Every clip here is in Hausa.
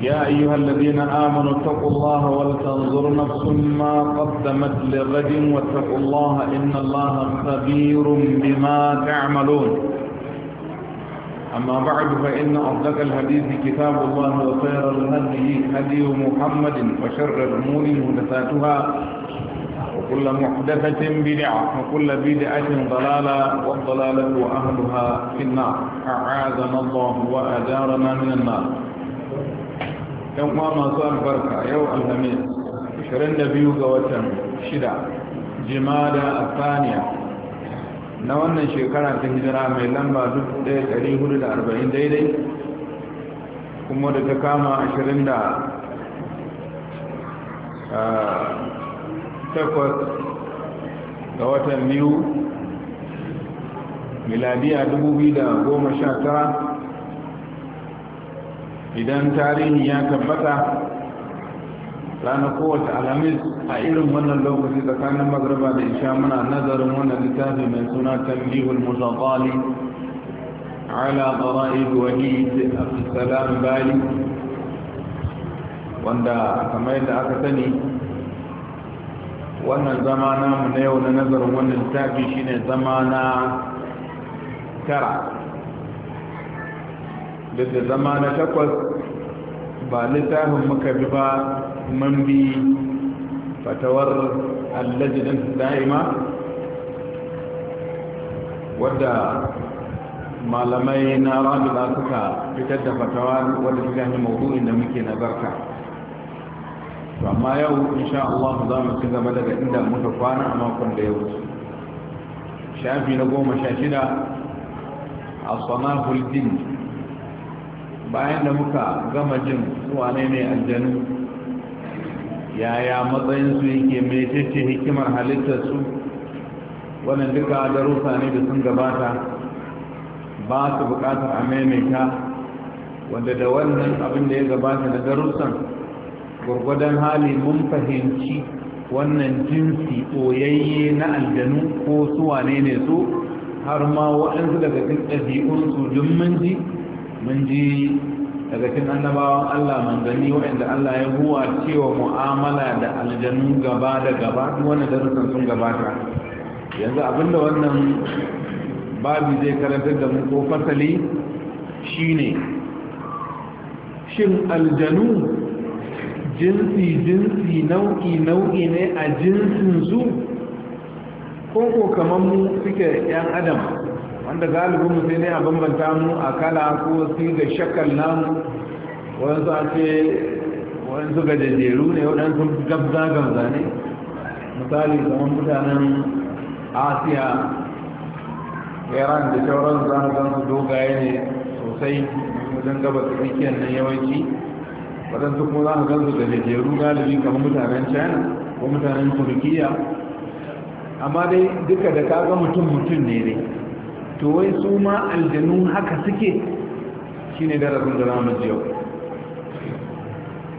يا أيها الذين آمنوا اتقوا الله ولتنظر نفس ما قدمت لغد واتقوا الله إن الله خبير بما تعملون أما بعد فإن أصدق الحديث كتاب الله وخير الهدي هدي محمد وشر الأمور محدثاتها وكل محدثة بدعة وكل بدعة ضلالة والضلالة أهلها في النار أعاذنا الله وأدارنا من النار yan uwa masu albarka yau alhamis 22 ga watan 6 jimada saniya na wannan shekara ta hijira mai lamba 1440 daidai kuma da ta kama 20 da ah, takwas ga watan biyu miladiya 2019 idan tarihi ya tabbata ranar kowace alamis a irin wannan lokaci tsakanin magarba da isha muna nazarin wannan littafi mai suna tambihul mutaqali ala qara'id wahid salam bali wanda kamar yadda aka sani wannan zama namu na yau na nazarin wannan littafi shine zama na tara duk da zama na takwas ba littafin muka bi ba man bi fatawar allajinin da'ima wadda malamai na rabila suka fitar da fatawa wadda suka yi maudu'in da muke nazarta to amma yau insha Allah za mu ci gaba daga inda muka kwana a makon da ya shafi na goma sha shida a sanahul bayan da muka gama jin wane ne aljanu yaya matsayinsu yake mecece hikimar halittarsu wannan duka darussa ne da sun gabata ba su bukatar a maimaita wanda da wannan abin da ya gabata da darussan gwargwadon hali mun fahimci wannan jinsi ɓoyayye na aljanu ko su wane ne su har ma waɗansu daga cikin ɗabi'unsu dun mun ji mun ji daga cikin annabawan Allah mun gani, waɗanda Allah ya huwa cewa mu'amala da aljanu gaba da gaba wanda darussan sun gabata yanzu abinda wannan babu zai karantar da mu ko fasali shine shin aljanu jinsi jinsi nau'i nau'i ne a jinsin su ko ko kamar mu suke yan adam wanda galibin mu sai ne a bambanta mu a kala ko ga shakal namu waɗansu a ce waɗansu gajajeru ne waɗansu gabza gabza ne misali kamar mutanen asiya iran da shauran za su dogaye ne sosai wajen gaba tsakiyar nan yawanci waɗansu kuma za ka gansu gajajeru galibi kamar mutanen china ko mutanen turkiya amma dai duka da kaga mutum mutum ne dai. to wai su ma aljanun haka suke shi ne darasin da zamu ji yau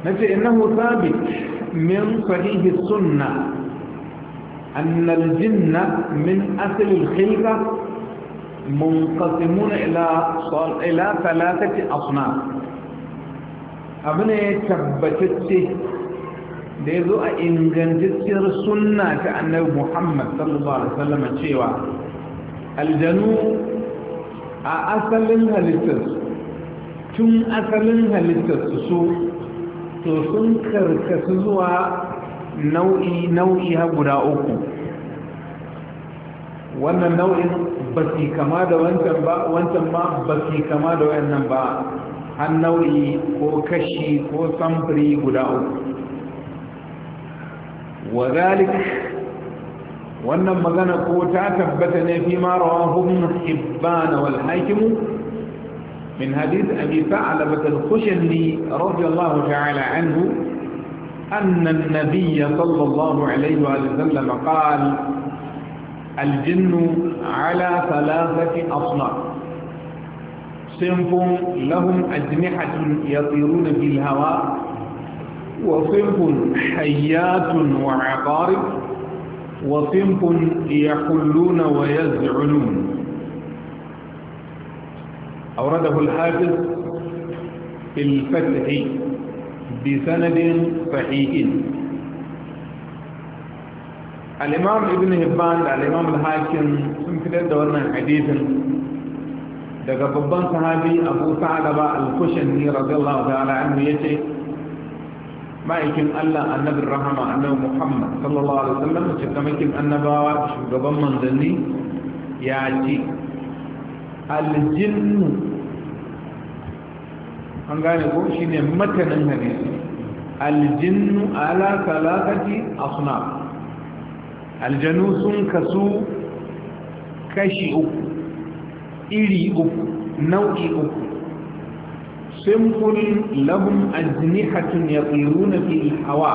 nace innahu sabit min sahihi sunna أن الجن min أصل الخلقة منقسمون إلى إلى ثلاثة أصناف abin ya tabbatacce da ya zo a ingantacciyar sunna ta annabi Muhammad sallallahu alaihi wasallam cewa aljanu a asalin halittarsu tun asalin halittarsu su to sun karkasu zuwa nau'i nau'i har guda uku wannan nau'in ba su kama da wancan ba wancan ba ba su kama da wannan ba har nau'i ko kashi ko samfuri guda uku wa zalik wannan magana ko ta tabbata ne fi ma rawahu ibn hibban wal hakim min hadith abi sa'labah al-khushani radiyallahu ta'ala anhu anna an-nabiy sallallahu alayhi wa sallam qala الجن على ثلاثة أصناف صنف لهم أجنحة يطيرون في الهواء وصنف حيات وعقارب وصنف يحلون ويزعنون أورده الحافظ في الفتح بسند صحيح الإمام ابن هبان الإمام الحاكم سنفدد دورنا حديثا دقا ببان صحابي أبو سعد الكشني رضي الله تعالى عنه يتي ma'aikin Allah annabin rahama annabi Muhammad sallallahu alaihi wasallam cikamakin annabawa shugaban manzanni ya ce aljinnu an gane ko shine matanin hadisi aljinnu ala a suna. aljanu sun kasu kashi uku iri uku nau'i uku simfun lahum ajnihatun yaqiruna fi hawa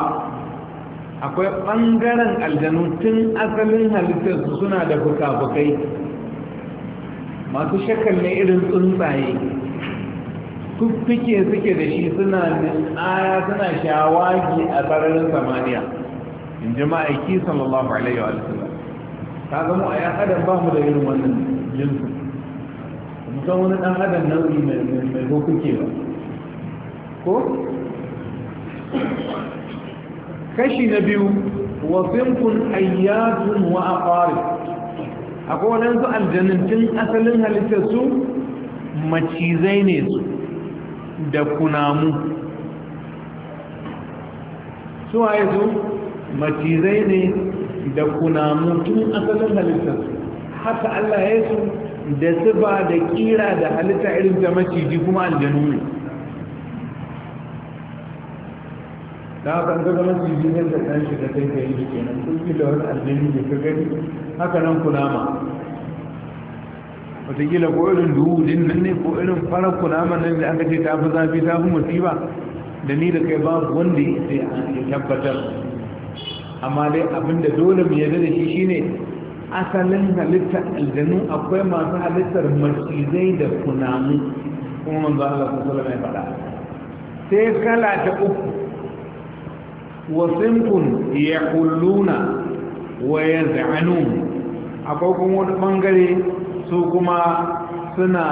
akwai ɓangaren aljanu tun asalin halittar su suna da fuka-fukai masu shakal ne irin tsuntsaye kuffike suke da shi suna aya suna shawagi a sararin samaniya in ji ma'aiki sallallahu alaihi wa sallam ta zama a yan adam ba mu da yin wannan jinsu kusan wani ɗan adam nau'i mai hukunce ba ko kashi na biyu wa wasimkun ayyatun wa a aqari akwai waɗansu aljannatin asalin halittar su macizai ne su da kunamu su waye su macizai ne da kunamu tun asalin halittar su haka Allah ya yi su da sifa da kira da halitta irin ta maciji kuma aljanu ne da haka ga ga maciji ne da ɗan shiga kai ka yi nan, kun fi da wani aljanu ne ka gani haka nan kunama wataƙila ko irin duhu din nan ne ko irin fara kunama nan da aka ce ta fi zafi ta fi musiba da ni da kai babu wanda ya tabbatar amma dai abinda dole mu yarda da shi shine asalin halittar aljanu akwai masu halittar macizai da kunamu kuma manzo Allah sallallahu alaihi faɗa sai kala ta uku wa sinfun yaquluna wa yaz'anun akwai kuma wani bangare su kuma suna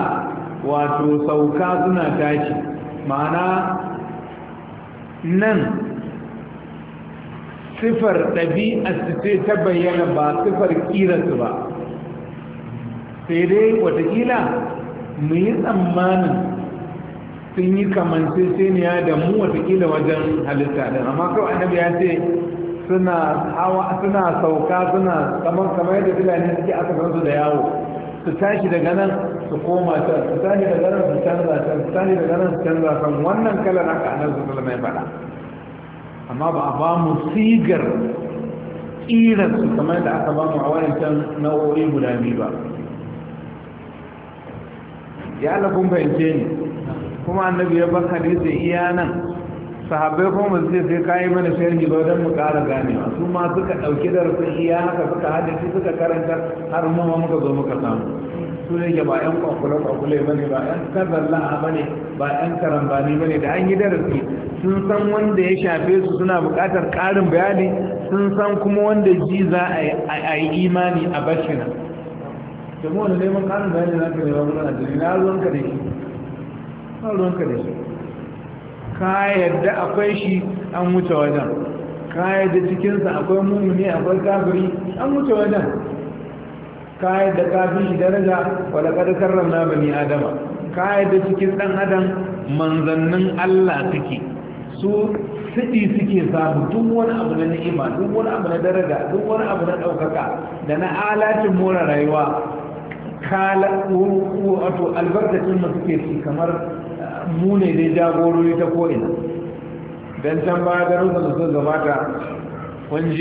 wato sauka suna tashi ma'ana nan sifar su ce ta bayyana ba sifar ƙirarsu ba sai dai watakila mu yi tsammanin sun yi kamance kamanceceniya da mu watakila wajen halitta ɗin amma kawai annabi ya ce suna hawa sauka suna kamar kamar yadda suke aka da yawo su tashi daga nan su koma can su tashi daga nan su canza can su tashi daga nan su canza can wannan kalar haka annabi su alaihi wasallam faɗa amma ba a ba mu sigar ƙirarsu kamar da aka ba mu a wancan na'o'i guda biyu ba ya alakun fahimce ne kuma annabi ya bar hadisi iya nan sahabbai kuma ba zai sai kayi mana sharhi ba don mu ƙara ganewa su ma suka ɗauki darasin iya haka suka hadisi suka karanta har mu ma muka zo muka samu su ne ba yan kwakwale-kwakwale ba ne ba yan kazallaha ba ne ba yan karambani ba ne da an yi darasi sun san wanda ya shafe su suna buƙatar ƙarin bayani sun san kuma wanda ji za a yi imani a bashina jama'a da neman ƙarin bayani na ka nema muna jini na ruwan da shi na ruwanka da shi ka yadda akwai shi an wuce wajen ka yadda cikinsa akwai mummuni akwai kafiri an wuce wajen ka da ka fi shi daraja wadda ƙadakar ramna bani adama ka da cikin ɗan adam manzannin allah suke su siɗi suke samu duk wani abu na ni'ima duk wani abu na daraja duk wani abu na ɗaukaka da na alatin more rayuwa kala Albarka, albarkacin mu suke ci kamar mu ne dai jagorori ta ko'ina don can baya garin da su gabata kun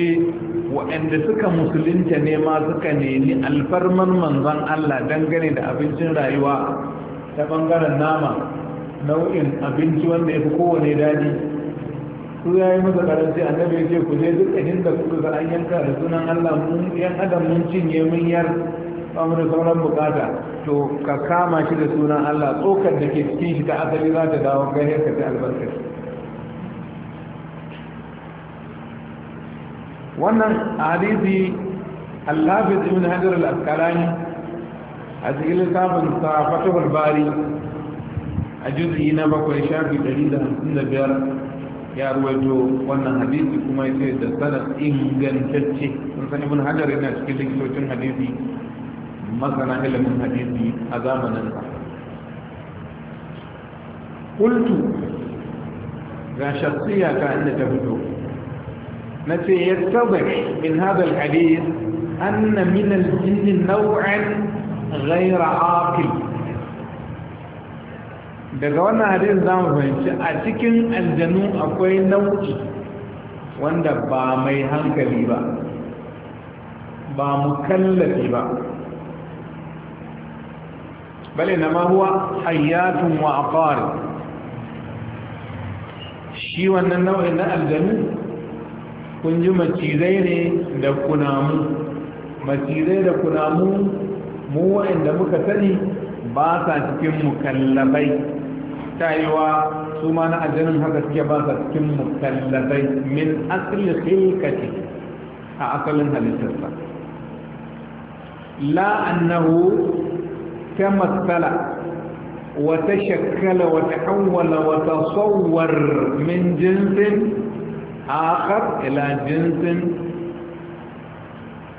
waɗanda suka musulunta ne ma suka nemi alfarman manzon Allah dangane da abincin rayuwa ta ɓangaren nama nau'in abinci wanda ya fi kowane daji su ya yi masa karanci a ya ce ku je duk da kuka ga an yanka da sunan Allah mun yan adam mun cinye mun yar amur sauran bukata to ka kama shi da sunan Allah tsokar da ke cikin shi ta asali za ta dawo gare ka ta albarkaci wannan hadisi al-hafiz ibn hajar al-asqalani a cikin littafin sa fatahul bari a juz'i na bakwai shafi biyar, ya ruwaito wannan hadisi kuma yace da sanad ingantacce sun san ibn hajar yana cikin likitocin hadisi masana ilimin hadisi a zamanin sa قلت ga shakhsiya inda ta fito نتي يتضح من هذا الحديث أن من الجن نوعا غير عاقل daga wannan hadin za mu fahimci a cikin aljanu akwai nau'i wanda ba mai hankali ba ba mukallafi ba bale na mahuwa hayyatun wa aqari shi wannan nau'in na aljanu kun ji macizai ne da kunamu macizai da kunamu mu wa'inda muka sani ba sa cikin mukallabai tayewa su ma na ajanin haka suke ba sa cikin mukallabai min asali khilkati a asalin halittarsa wata annahu wata وتشكل wata وتصور من jinsin? آخر إلى جنس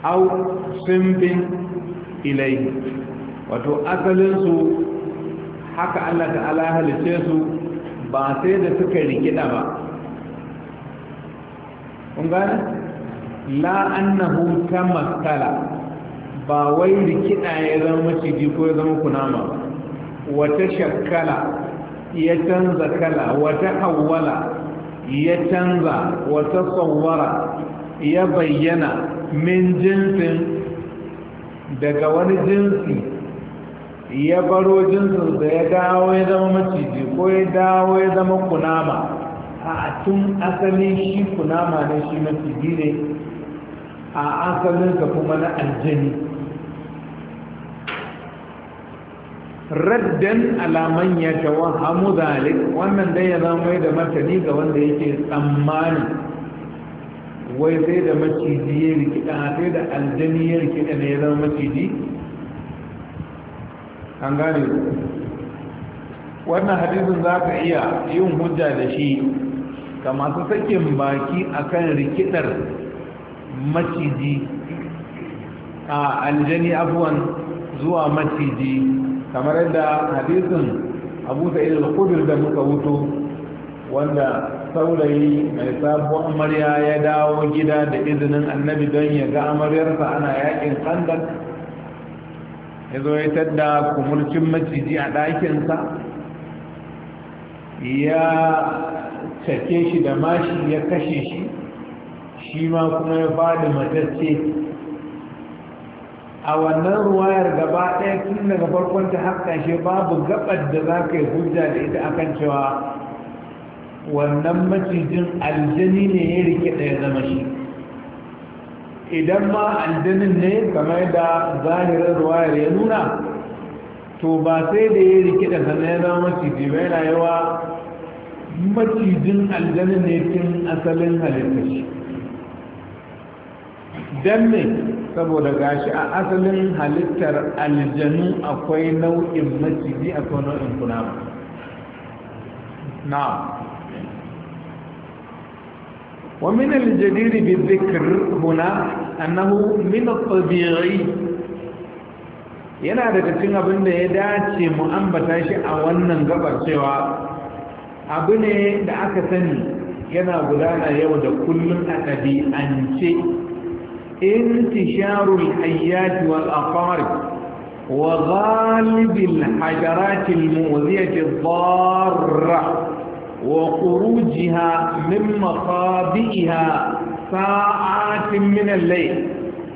أو صنف إليه wato asalinsu haka Allah ta'ala halice su ba sai da suka rikida ba ƙungana la'annahu ta maskala ba wai rikida ya zama maciji ko ya zama kunama ba wata shakkala ya canza kala wata hawwala ya canza wa tsawara ya bayyana min jinsin daga wani jinsi ya baro jinsin da ya dawo ya zama maciji ko ya dawo ya zama kunama a tun asali shi kunama ne shi maciji ne a asalinsa kuma na aljini raddan alaman ya hamu zalik wannan dai ya zama da martani ga wanda yake tsammani wai sai da maciji ya rikida sai da aljani ya rikida ne ya zama maciji an gane wannan hadisin za ka iya yin hujja da shi ga masu sakin baki akan rikidar maciji a aljani abuwan zuwa maciji kamar yadda hadisin abu sa'id al-khudr da muka wuto wanda saurayi mai sabuwar amarya ya dawo gida da izinin annabi don ya ga amaryarsa ana yakin kandar ya zo ya tadda kumurcin maciji a ɗakinsa ya cake shi da mashi ya kashe shi shi ma kuma ya faɗi matacce a wannan ruwayar gaba ɗaya tun daga farkon ta haka shi babu gabar da za ka yi hujja da ita akan cewa wannan macijin aljani ne ya rike ɗaya zama shi idan ma aljanin ne kamar da zahirar ruwayar ya nuna to ba sai da ya rike da sana ya zama maciji ba yana yawa macijin aljanin ne tun asalin halittar shi don ne saboda gashi a asalin halittar aljanu akwai nau'in maciji akwai nau'in kunama na ومن الجدير بالذكر هنا أنه من الطبيعي yana da cikin abin da ya dace mu ambata shi a wannan gabar cewa abu ne da aka sani yana gudana yau da kullum a ɗabi'ance انتشار الحيات والأقارب وغالب الحجرات المؤذية الضارة وخروجها من مخابئها ساعات من الليل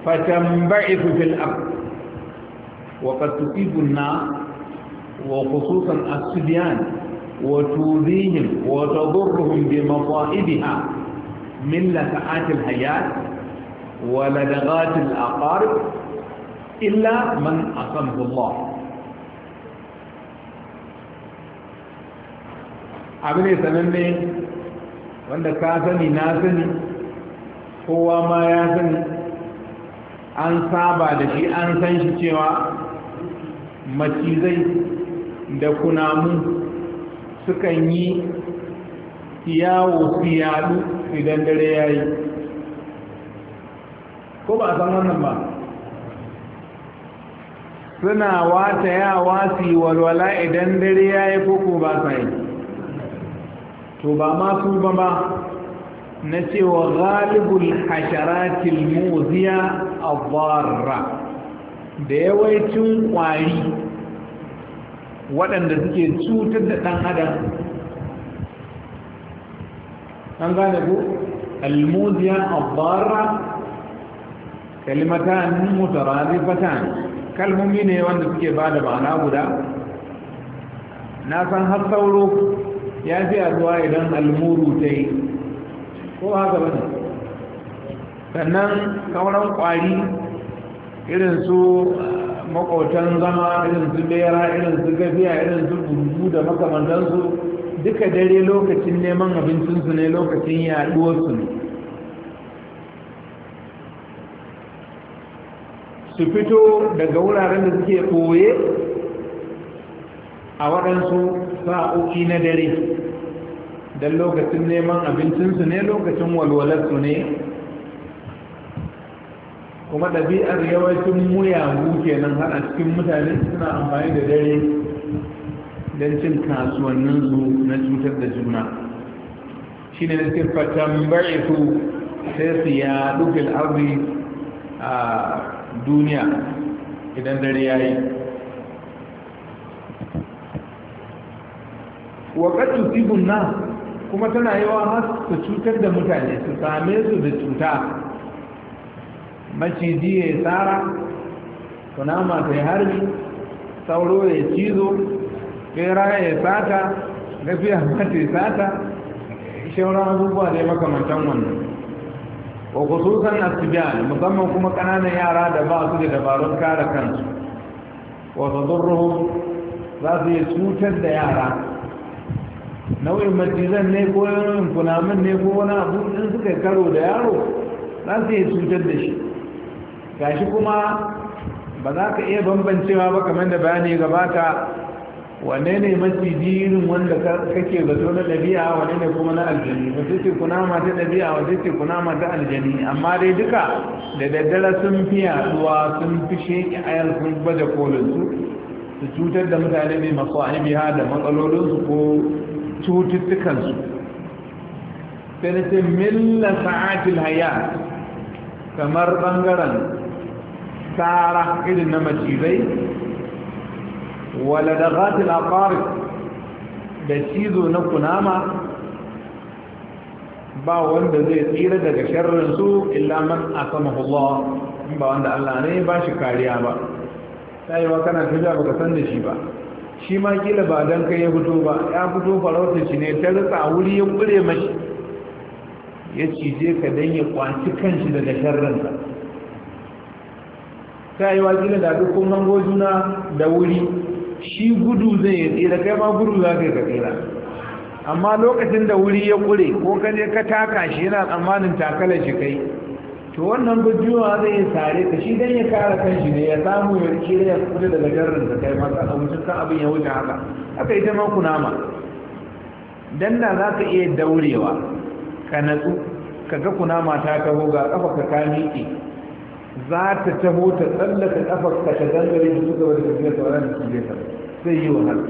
فتنبعث في الأرض وقد تصيب الناس وخصوصا السبيان وتؤذيهم وتضرهم بمصائبها من لسعات الحياة ولدغات الأقارب إلا من أقمه الله abin ya sananne wanda ka sani na sani kowa ma ya sani an saba da shi an san shi cewa macizai da kunamu sukan yi yawo su yadu idan dare ya yi ko ba a san wannan ba suna wata yawa su yi walwala idan dare ya yi koko ba sa yi to ba ma su ba ba na cewa galibul hasharatil muziya a barra da yawancin kwari waɗanda suke cutar da ɗan adam an gane ku almuziya a barra kalimatan mutarazifatan kalmomi ne wanda suke ba da ma'ana guda na san har sauro ya fi zuwa idan almuru ta yi ko haka bane sannan sauran kwari irin su ah, makwautan zama irin su bera irin su gafiya irin su da makamantansu duka dare lokacin neman abincinsu ne lokacin yaduwarsu ne su fito daga wuraren da suke ɓoye a waɗansu sa'o'i na dare don lokacin neman abincinsu ne lokacin walwalarsu ne kuma ɗabi'ar yawancin muyagu kenan nan cikin mutane suna amfani da dare don cin kasuwanninsu na cutar da juna shi ne na siffatan su sai su yaɗu fil'arzi a duniya idan dare ya yi waƙar tibun na kuma tana yi wa cutar da mutane su same su da cuta maciji ya yi tsara tunama ta yi harbi sauro ya cizo Fera ya sata gafiya mata ya sata shauran abubuwa da makamantan wannan wa khususan asbiyan musamman kuma kananan yara da ba su da dabarun kare kansu wa tadurruhum za su yi cutar da yara nau'in matizan ne ko yin kunamin ne ko wani abu in suka karo da yaro za su yi cutar da shi gashi kuma ba za ka iya bambancewa ba kamar da bayani gabata wane ne mafi jirin wanda kake zato na ɗabi'a wane ne kuma na aljani wace ce kunama ta ɗabi'a wace ce kunama ta aljani amma dai duka da daddara sun fi yaduwa sun fi sheƙi ayar sun baje kolinsu su cutar da mutane ne masu aibiya da matsalolinsu ko cututtukansu sai ce milla sa'atil haya kamar ɓangaren tsara irin na macizai ولدغات الأقارب da cizo na kunama ba wanda zai tsira daga sharrinsu illa man asamahullah in ba wanda Allah ne ba shi kariya ba yi ba kana tafiya baka san da shi ba shi ma kila ba dan kai ya fito ba ya fito farauta shi ne ta rika a wuri ya kure mashi ya cije ka dan ya kwaci shi daga sharrinsa sai wa kila da duk kun hango juna da wuri shi gudu zai yi tsira kai ma gudu za ka yi tsira amma lokacin da wuri ya kure ko ka ne ka taka shi yana tsammanin takalar shi kai to wannan gujewa zai yi sare ka shi dan ya kan shi ne ya samu ya rike ya kudu daga garin da kai masa a wucin kan abin ya wuce haka yi ta maku kunama dan da za ka iya daurewa ka natsu ka ga kunama ta taho ga kafa ka ka miƙe za ta taho ta tsallaka kafar ka ta dangare da suka wani da ta wani da ta sai yi wahala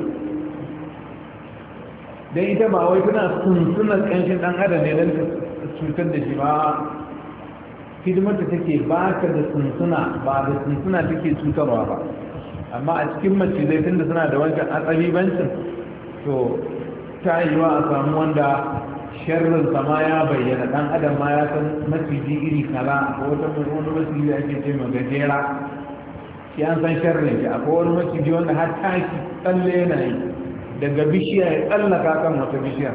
don ita ba wai tana sunsunan kanshin dan adam ne don cutar da shi ba hidimar da take ba ta da sunsuna ba da sunsuna take cutarwa ba amma a cikin mace zai da suna da wancan atsabi bancin to ta yi wa a samu wanda sharrin ma ya bayyana dan adam ma ya san maciji iri kaza ko wata wani maciji da ake ce ma gajera shi an san sharrin shi akwai wani maciji wanda har tashi tsalle yana yi daga bishiya ya tsallaka kan wata bishiya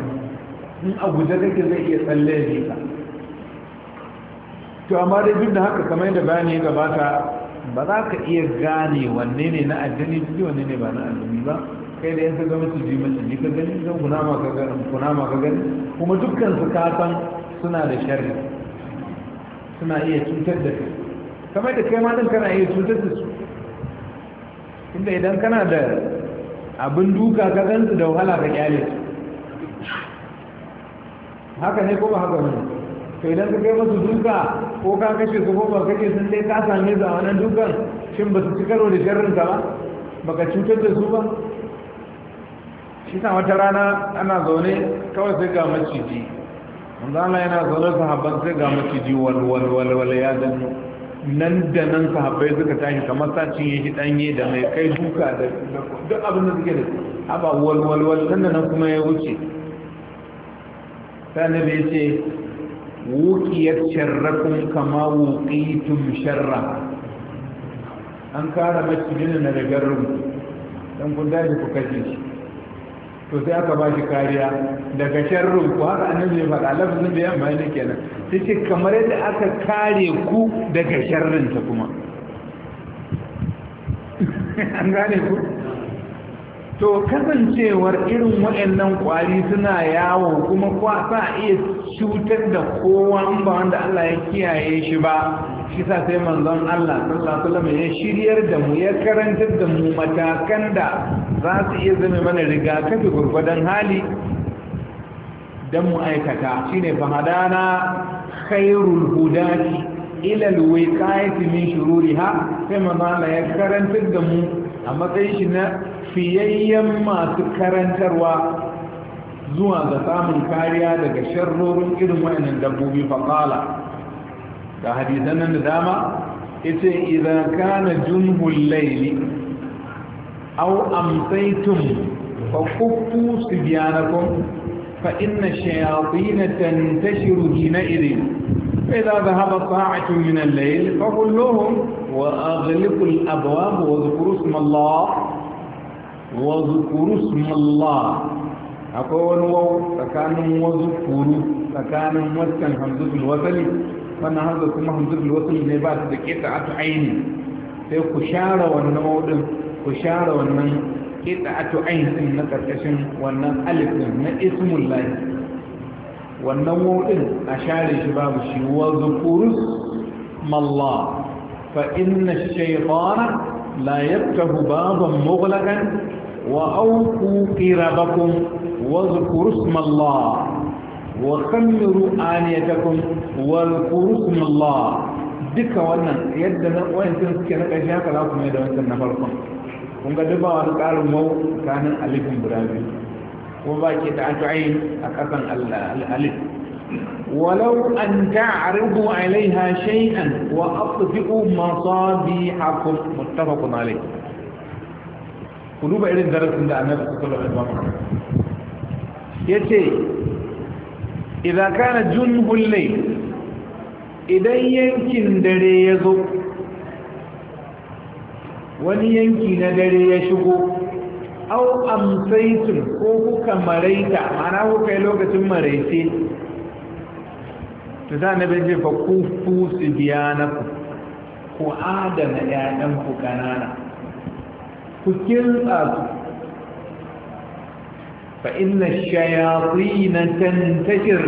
in a guje kake zai iya tsalle ya jika to amma dai duk da haka kamar yadda bayani ya gabata ba za ka iya gane wanne ne na addini wanne ne ba na addini ba kai da yanka gami su ji da ka gani zan kunama ka gani kunama ka gani kuma dukkan su kasan suna da sharri suna iya cutar da kai kamar da kai ma din kana iya cutar da su inda idan kana da abin duka ka gansu da wahala ka kyale su haka ne ko ba haka ne kai idan ka kai masu duka ko ka kashe su ko ba kashe sun dai ka same su a wannan dukan shin ba su ci karo da sharrin ka ba baka cutar da su ba shi ta wata rana ana zaune kawai sai ga maciji wanda ana yana zaune sahabban sai ga maciji walwalwalwal ya zanyo nan da nan sahabbai suka tashi kamar sacin ya shi danye da mai kai duka da duk abin da suke da haba walwalwal nan da nan kuma ya wuce nabi ya ce wukiyar sharrafin kama wukitun sharra an kara macijin na rigar rubu don kun daji ku kashe shi to sai aka ba shi kariya daga sharrin ku haka annabi ya faɗa lafazin da yamma ne kenan sai ce kamar yadda aka kare ku daga sharrin ta kuma an gane ku to kasancewar irin waɗannan kwari suna yawo kuma kwa sa iya cutar da kowa ba wanda Allah ya kiyaye shi ba shi sa sai manzon Allah sallallahu alaihi wasallam ya shiryar da mu ya karantar da mu matakan da za su iya zama mana rigakafi gurgudan hali dan mu aikata shine fahadana hadana khairul hudati ila alwiqayati min shururiha sai manzon Allah ya karantar da mu a matsayin shi na fiyayyen masu karantarwa zuwa ga samun kariya daga sharrorin irin wa'annan dabbobi faqala ga hadisan nan da dama ita idan kana junhul laili aw amsaytum fa sibyanakum fa inna shayatin tantashiru فإذا ذهب ساعة من الليل فقل لهم وأغلقوا الأبواب واذكروا اسم الله واذكروا اسم الله أقول وو فكانوا واذكروا فكانوا مسكن حمزة الوثلي wannan hamza kuma da wasl ne ba su da qita'atu aini sai ku share wannan maudin ku share wannan qita'atu aini din na karkashin wannan alifin, na ismul lahi wannan maudin a share shi babu shi wa zukurus mallah fa inna ash-shaytana la yaftahu baban mughlaqan وأوفوا قرابكم واذكروا اسم الله وخمروا آنيتكم والقرسم الله duka wannan yadda na wayancin suke na ƙarshe haka za ku mai da wancan na farkon kun ga duba wani ƙarin mau tsakanin alifin birane. ko ba ke da adu'ain a ƙasan alif ولو أن تعرضوا عليها شيئا وأطفئوا مصابيحكم متفق Ku duba irin darasin da النبي صلى الله عليه وسلم يتي إذا كان جنب الليل idan yankin dare ya zo wani yanki na dare ya shigo au amsaitun ko kuka maraita mana kuka yi lokacin maraice ta za na bai jefa su biya na ku ku adana 'ya'yanku ƙanana ku kirtsa su fa inna na tantajir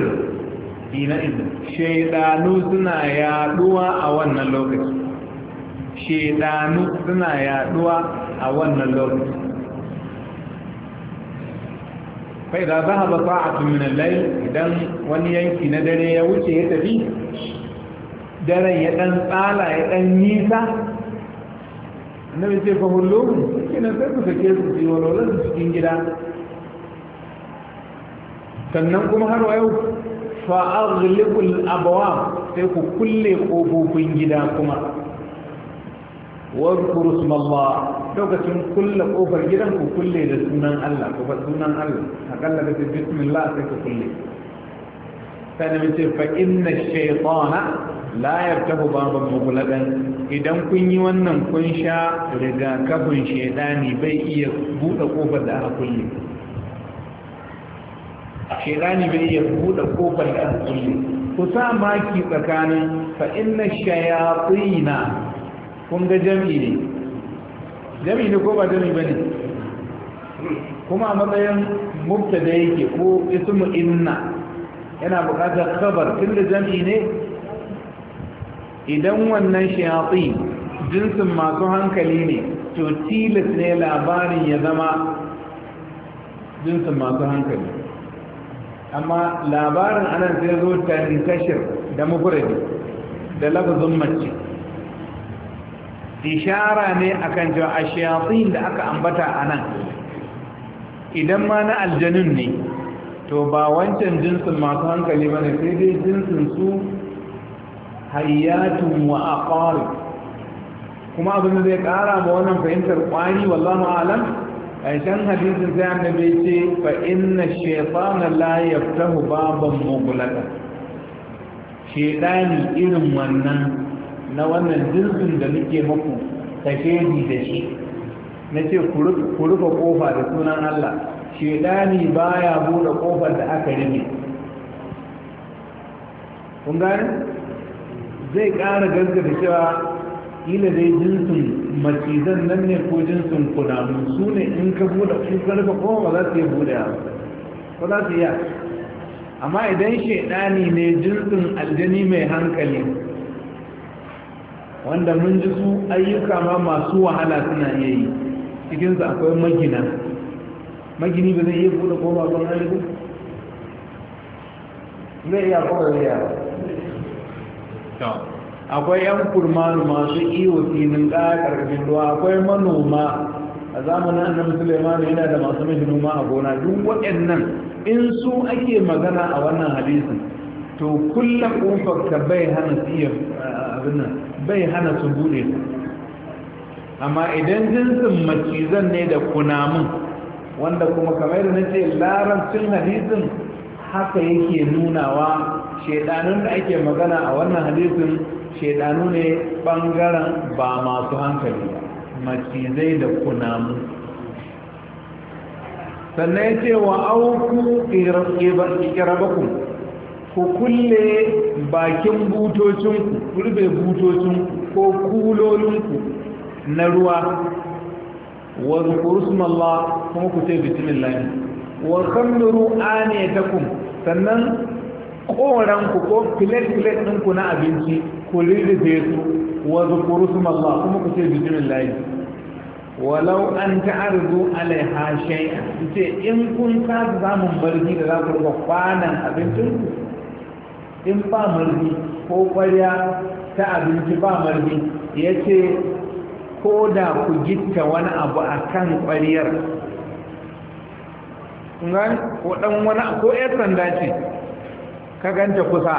dina izin shaidanu suna yaduwa a wannan lokaci shaidanu suna yaduwa a wannan lokaci fai da za a ba sa'atun idan wani yanki na dare ya wuce ya tafi daren ya dan tsala ya dan nisa annabi ce fa hullu kina sai ku sake su ji walolan cikin gida sannan kuma har wa yau fa'aglibul abawa sai ku kulle ƙofofin gida kuma wadkur smallah lokacin kulle ƙofar gidan ku kulle da sunan Allah ku ba sunan Allah A akalla da bismillah sai ku kulle sai da ce fa na shaytana la yartahu baban mughladan idan kun yi wannan kun sha rigakafin shaidani, bai iya buɗe ƙofar da aka kulle shaidani bai iya buɗe kofar da aka ku sa maki tsakanin fa inna shayatina kun ga jami ne jami ne ko ba jami ba ne kuma a matsayin mubtada yake ko ismu inna yana buƙatar khabar tun da jami ne idan wannan shayatin jinsin masu hankali ne to tilas ne labarin ya zama jinsin masu hankali amma labarin anan sai zo tashir da mufuradi da lafazin mace ishara ne akan cewa ashiyatin da aka ambata anan idan ma na aljanun ne to ba wancan jinsin masu hankali ba ne sai dai jinsin su hayyatun wa aqarib kuma abin da zai kara ma wannan fahimtar kwani wallahu alam ƙarshen hadisin sai annabi ce fa inna shaytana la yaftahu baban mughlaqa shaytani irin wannan na wannan jinsin da muke muku ni da shi na ce ku rufe kofa da sunan Allah shaytani baya bude kofar da aka rufe kun gane zai ƙara gaskata cewa ila dai jinsin macizan nan ne ko jinsin kunamu su ne in ka buɗe su ka ko ba za su yi buɗe ba za su a? amma idan shaidani ne jinsin aljani mai hankali wanda mun ji su ayyuka ma masu wahala suna iya yi cikinsu akwai magina magini ba zai iya buɗe ba ban halittu zai iya kowar akwai yan kurma masu iyo filin ƙaya ruwa akwai manoma a zamanin annabi Sulaiman yana da masu mashi a gona duk waɗannan in su ake magana a wannan hadisin to kulla ƙofar ka bai hana su iya bai hana su bude amma idan jinsin macizan ne da kunamun wanda kuma kamar da nace larancin hadisin haka yake nunawa shedanun da ake magana a wannan hadisin shedanu ne bangaren ba masu hankali macizai da kunamu sannan ya ce wa auku irabakun ku kulle bakin butocinku kurbe butocinku ko kulolinku na ruwa wa Allah, kuma ku ce lani wa kammiru takun sannan koranku ko filet-filet ɗinku na abinci ku lullufe su wa zukuru su mallah kuma ku ce bijirin layi walau an ta'arzu alaiha shay'a ce in kun kasa samun barci da za ku rufa kwanan abincin? in ba marzi ko kwarya ta abinci ba marzi ya ce ko da ku gitta wani abu a kan kwaryar ko ɗan wani ko 'yar sanda ce ka ganta kusa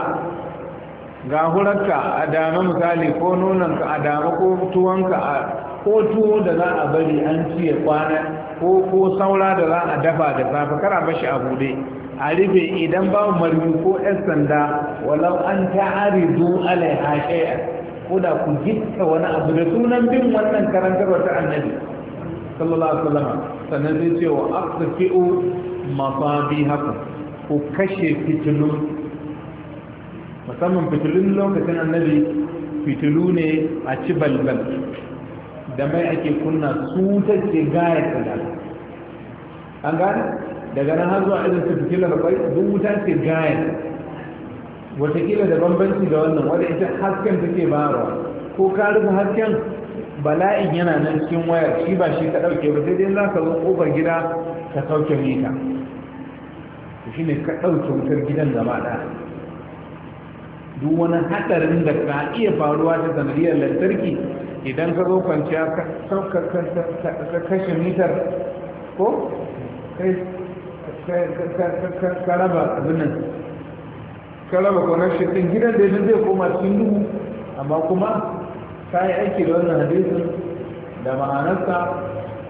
ga hurarka a dama misali ko nonanka a dama ko tuwonka a ko tuwo da za a bari an ciye kwana ko ko saura da za a dafa da safe kara bashi a bude a rufe idan babu marmi ko yan sanda walau an ta'aridu alaiha shay'an ko da ku gitta wani abu da sunan bin wannan karantar ta annabi sallallahu alaihi wasallam sannan sai ce wa aqfi'u hakku ku kashe fitilun musamman fitilun lokacin annabi fitilu ne a ci balbal da mai ake kunna su take gayar tsada an gane daga nan har zuwa irin su da kwai duk wuta ce gayar watakila da bambanci da wannan wadda ita hasken take bawa ko ka rufe hasken bala'in yana nan cikin wayar shi ba shi ka ɗauke ba sai dai za ka zo ƙofar gida ka sauke mita shi ne ka ɗauke wutar gidan gaba ɗaya duk wani hadarin da ka iya faruwa ta sanadiyar lantarki idan ka zo kwanciya ka kashe mitar ko ka raba abinan ka raba connection din gidan da zai koma cikin duhu amma kuma ka yi aiki da wannan hadisin da ma'anarsa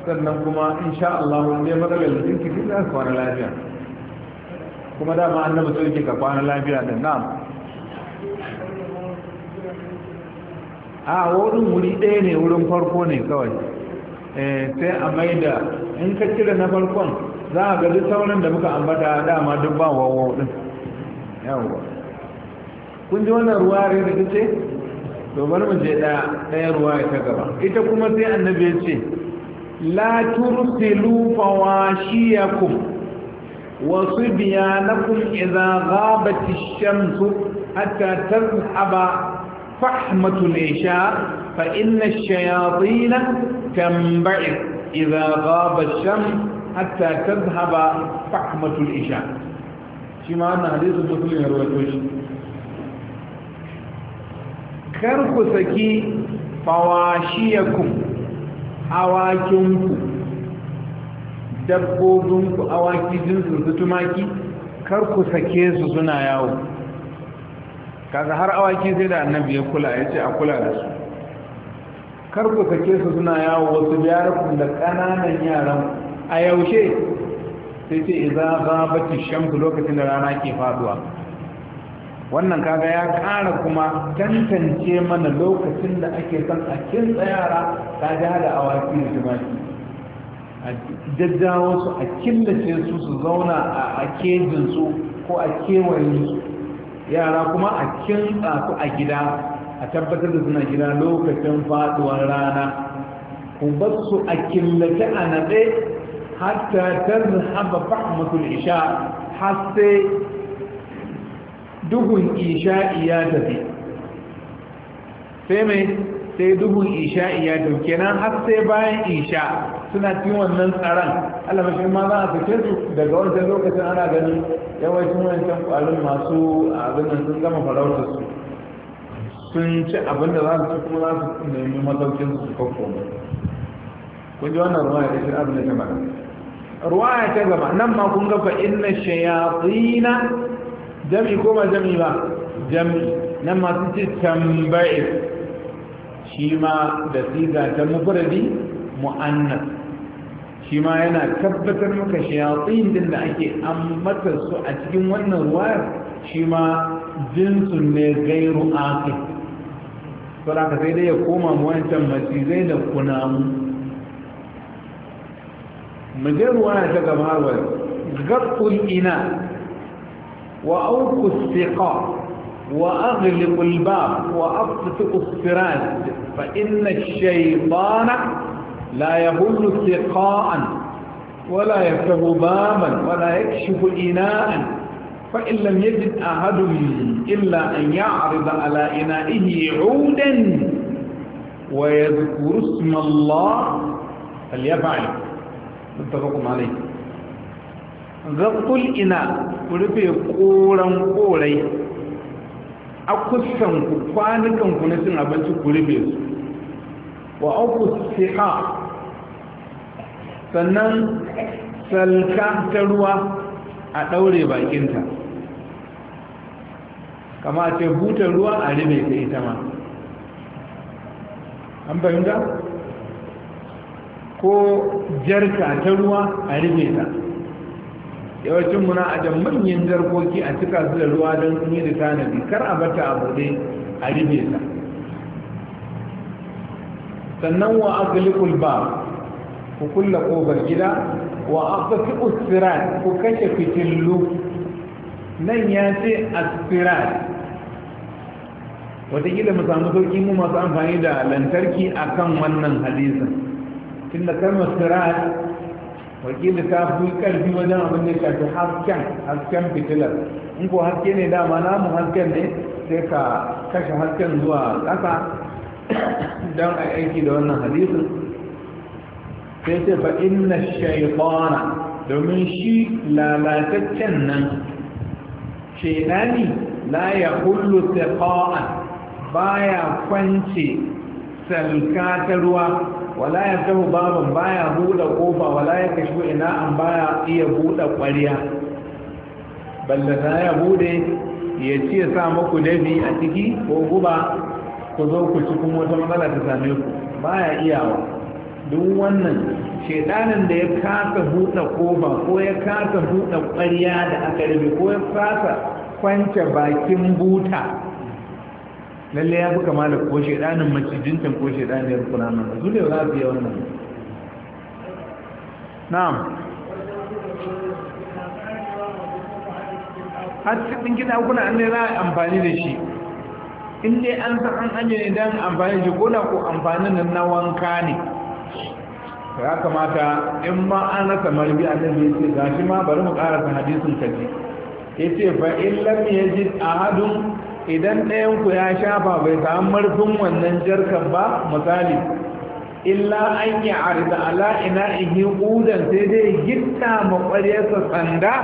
sannan kuma insha Allah wani ya matsalar lantarki duk za su kwana lafiya kuma dama annabi sauke ka kwana lafiya da na'am a wurin wuri ɗaya ne wurin farko ne kawai eh, sai a maida in ka cire na farkon za a gaji sauran da muka ambata dama duk ba wawo din yawon kun ji wannan ruwa rai da kace to bari mu je ɗaya ɗaya ruwa ta gaba ita kuma sai annabi ya ce la tursilu fawashiyakum وصبيانكم إذا غابت الشمس حتى تذهب فحمة العشاء فإن الشياطين تنبعث إذا غاب الشمس حتى تذهب فحمة العشاء شما أن حديث مسلم يروي karku saki fawashiyakum awakinku dabbobinku awaki jinsu su tumaki ku sake su suna yawo kaga har awaki sai da annabi ya kula ya ce a kula da su kar ku sake su suna yawo wasu ku da ƙananan yaran a yaushe sai ce iza gabati shamsu lokacin da rana ke faduwa wannan kaga ya ƙara kuma tantance mana lokacin da ake son a kin yara ta ja da awaki da shi. a jajjawo su a killace su su zauna a kejinsu ko a kewayen yara kuma a cikin su a gida a tabbatar da suna gida lokacin faduwar rana ku ba su a killace a naɗe hatta ta haba fahimtul isha har sai duhun isha iya tafi sai mai sai duhun isha iya tafi kenan har sai bayan isha suna cikin wannan tsaron Allah mashi ma za a fice su daga wancan lokacin ana gani. yawancin wancan kwarin masu abin nan sun gama farautar su sun ci abin da za su ci kuma za su nemi mazaukin su kakko kun ji wannan ruwa ya shi abin da ta mara ruwa ya ta gaba nan ma kun ga fa inna shayatina jami ko ma jami ba jami nan ma sun ce tambayi shi ma da siga ta mufaradi mu'annas shi ma yana tabbatar maka shayatsin din da ake ambata su a cikin wannan ruwayar shi ma jinsun ne gairu aqil saboda sai dai ya koma mu wancan macizai da kunamu mu je ruwaya ta gaba har wani gabtul ina wa auku siqa وأغلق الباب وأبطئ الصراج فإن الشيطان لا يهل ثقاء ولا يفتح بابا ولا يكشف إناء فإن لم يجد أحد إلا أن يعرض على إنائه عودا ويذكر اسم الله فليفعل متفق عليه غط الإناء ورفي قولا قولي أقسم كفانكم كنسن أبنتك ورفي وأقص السحاق sannan salka ta ruwa a ɗaure bakinta kama ce ruwa a ribe ta ita ma an fahimta ko jarka ta ruwa a ribe ta yawancin muna a manyan jarkoki a cika su da ruwa don sun yi da tanadi kar a bata a bude a ribe ta sannan wa ba ku kulle ƙofar gida wa afafi usirat ku kashe fitillu nan ya ce asirat wataƙila mu samu sauƙi mu masu amfani da lantarki a kan wannan hadisin tun da kalmar sirat wakili ta fi ƙarfi wajen abin da shafi hasken hasken fitilar in ko haske ne dama namu hasken ne sai ka kashe hasken zuwa ƙasa don a aiki da wannan hadisin sai ce fa inna shaytana domin shi lalataccen nan shedani la ya hullu tiqa'a baya kwance salka ta ruwa wala ya tahu babin baya buɗe ƙofa wala ya kashi ina an baya iya buɗe ƙwariya ballata ya buɗe ya ce sa muku dabi a ciki ko guba ku zo ku ci kuma wata matsala ta same ku baya iyawa duk wannan shaidanin da ya kasa hutsa kofa ko ya kasa hutsa ƙwarya da aka rabe ko ya kasa kwance bakin buta lalle ya fi kama da ko shaidanin macijintan ko shedanin kunanan su ne za su yi wannan na'am har cikin gida kuna an nera amfani da shi in dai an san an hanyar idan amfani da shi ko na ko amfanin na wanka ne ya kamata in ma ana kamar bi annabi yace gashi ma bari mu karanta hadisin kaji yace fa in yajid ahadun idan ɗayan ku ya shafa bai samu marfin wannan jarkan ba misali illa an yi arda ala ina ihin udan sai dai gitta makwariyarsa sanda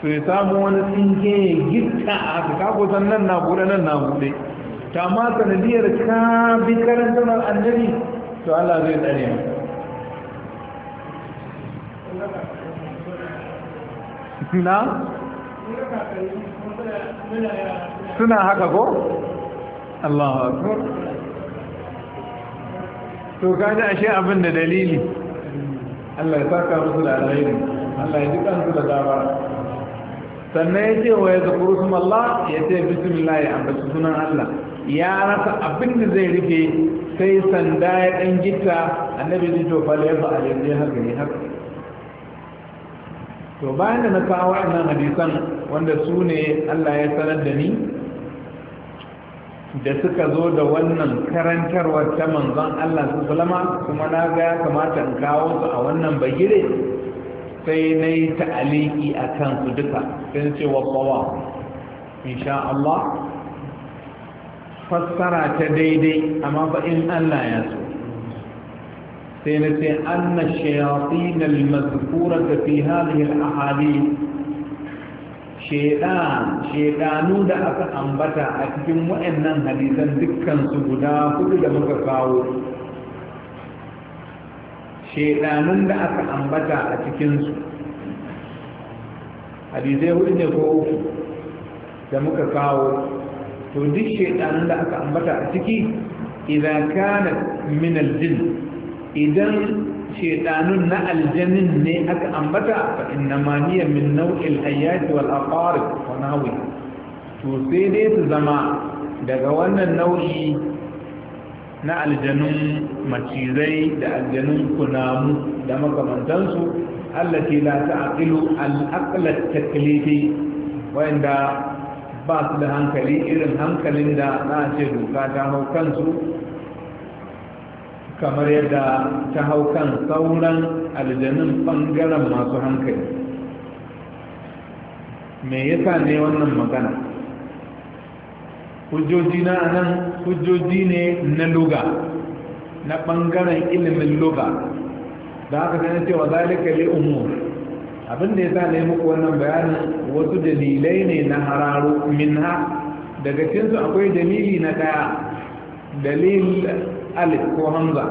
to ya samu wani tsinke ya gitta a haka san nan na buɗe nan na buɗe ta ma sanadiyar ka bi karantar annabi to Allah zai tsare mu na suna haka ko Allah akbar to kaji ashe abin da dalili Allah ya saka musu da alheri Allah ya ji kansu da gaba sannan ya ce wa ya zakuru sun Allah ya ce bismillah ya ambaci sunan Allah ya rasa abin da zai rufe sai sanda ya ɗan gita annabi ji to fa la yafa alayhi haka ne haka to bayan da na kawo waɗannan hadisan wanda su ne Allah ya sanar da ni da suka zo da wannan karantarwar ta manzon Allah su salama kuma na ga ya kamata in kawo su a wannan bagire sai na yi ta'aliki a kansu duka sun ce wa kowa insha Allah fassara ta daidai amma ba in Allah ya so سينتي أن الشياطين المذكورة في هذه الأحاديث شيطان شيطانو دا أكا أنبتا أكتم وإنن حديثا دكا سبدا كل دا مكاكاو شيطانون دا أكا أنبتا أكتم حديثي هو إني فوق دا مكاكاو to duk shaidanin da aka ambata a ciki idan kana min aljin idan shaiɗanun na aljanin ne aka ambata fa inna ma min nau'in hayati wal aqarib wa nahwi to sai dai su zama daga wannan nau'i na aljanun macizai da aljanun kunamu da makamantansu allati la ta'qilu al-aqla taklifi wanda ba su da hankali irin hankalin da za a ce doka ta hau kansu kamar yadda ta hau kan sauran aljanun ɓangaren masu hankali me yasa ne wannan magana hujjoji na nan hujjoji ne na luga na ɓangaren ilimin luga da aka ganin cewa zalika li umur abin da yasa ne muku wannan bayanin wasu dalilai ne na hararu minha daga cinsu akwai dalili na ɗaya dalil alif ko hamza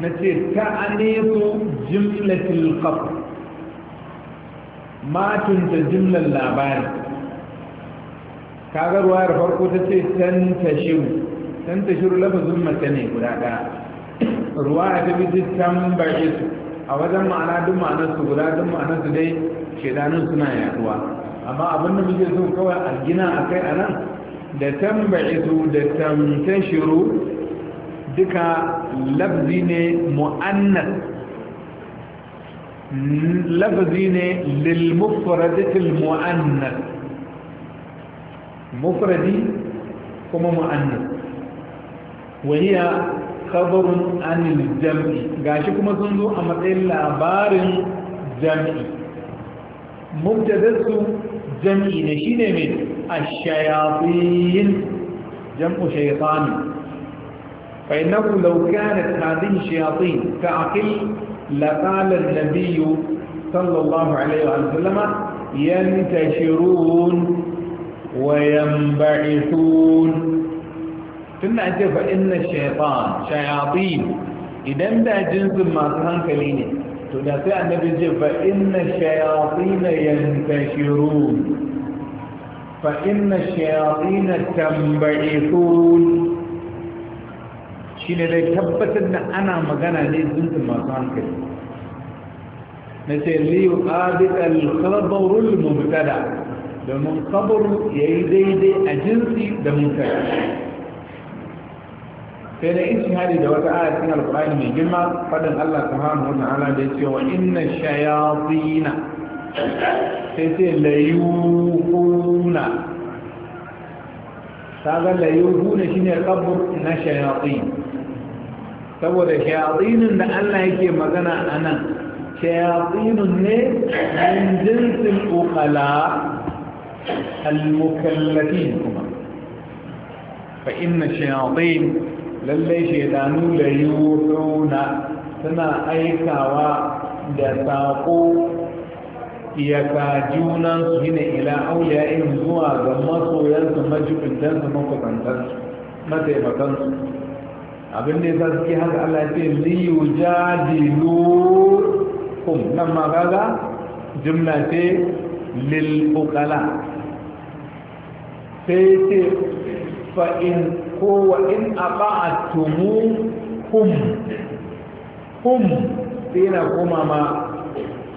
na ce ta anesu jimlatil qaf matun ta jimlar labari kaga ruwayar farko ta ce Tanta Shiru lafazin mace ne guda ɗaya ruwaya ta bi tambaye su a wajen ma'ana duk ma'anar su guda duk ma'anar su dai shedanin suna yaduwa amma abin da muke so kawai a gina a kai a nan da tambaye su da shiru. duka lafzi ne mu'annas lafzi ne lil lilmufradatil mu'annas mufradi kuma mu'annas wahiya khabarun anil jam'i gashi kuma sun zo a matsayin labarin jam'i mubtadarsu jam'i ne shine mai ash-shayatin jam'u shaytani فإنه لو كانت هذه الشياطين تعقل لقال النبي صلى الله عليه وسلم ينتشرون وينبعثون تنا أنت فإن الشيطان شياطين إذا أنت جنس ما تهان كليني تنا النبي جنس فإن الشياطين ينتشرون فإن الشياطين تنبعثون shi ne dai tabbatar da ana magana ne zuntin masu hankali na ce liyu ƙabiɗar khabarul mubtada domin khabaru ya yi daidai a jinsi da mutane sai na isi hari da wata aya cikin alƙur'ani mai girma faɗin Allah subhanahu wa ta'ala da ya ce wa inna shayatina sai ce layuhuna ta ga layuhuna shine qabr na shayatin saboda shayatinin da Allah yake magana a nan shayatinin ne min jinsin ukala al-mukallafin kuma fa inna shayatin lallai shaydanu da yusuna suna aikawa da saƙo iyaka junan su hina ila auliya zuwa ga masoyansu majibintansu makusantansu mataimakansu abin da sa suke haka Allah ya ce li kum nan ma gaga jumla ce lil uqala sai ce fa in ko wa in ata'atumu kum kum sai na koma ma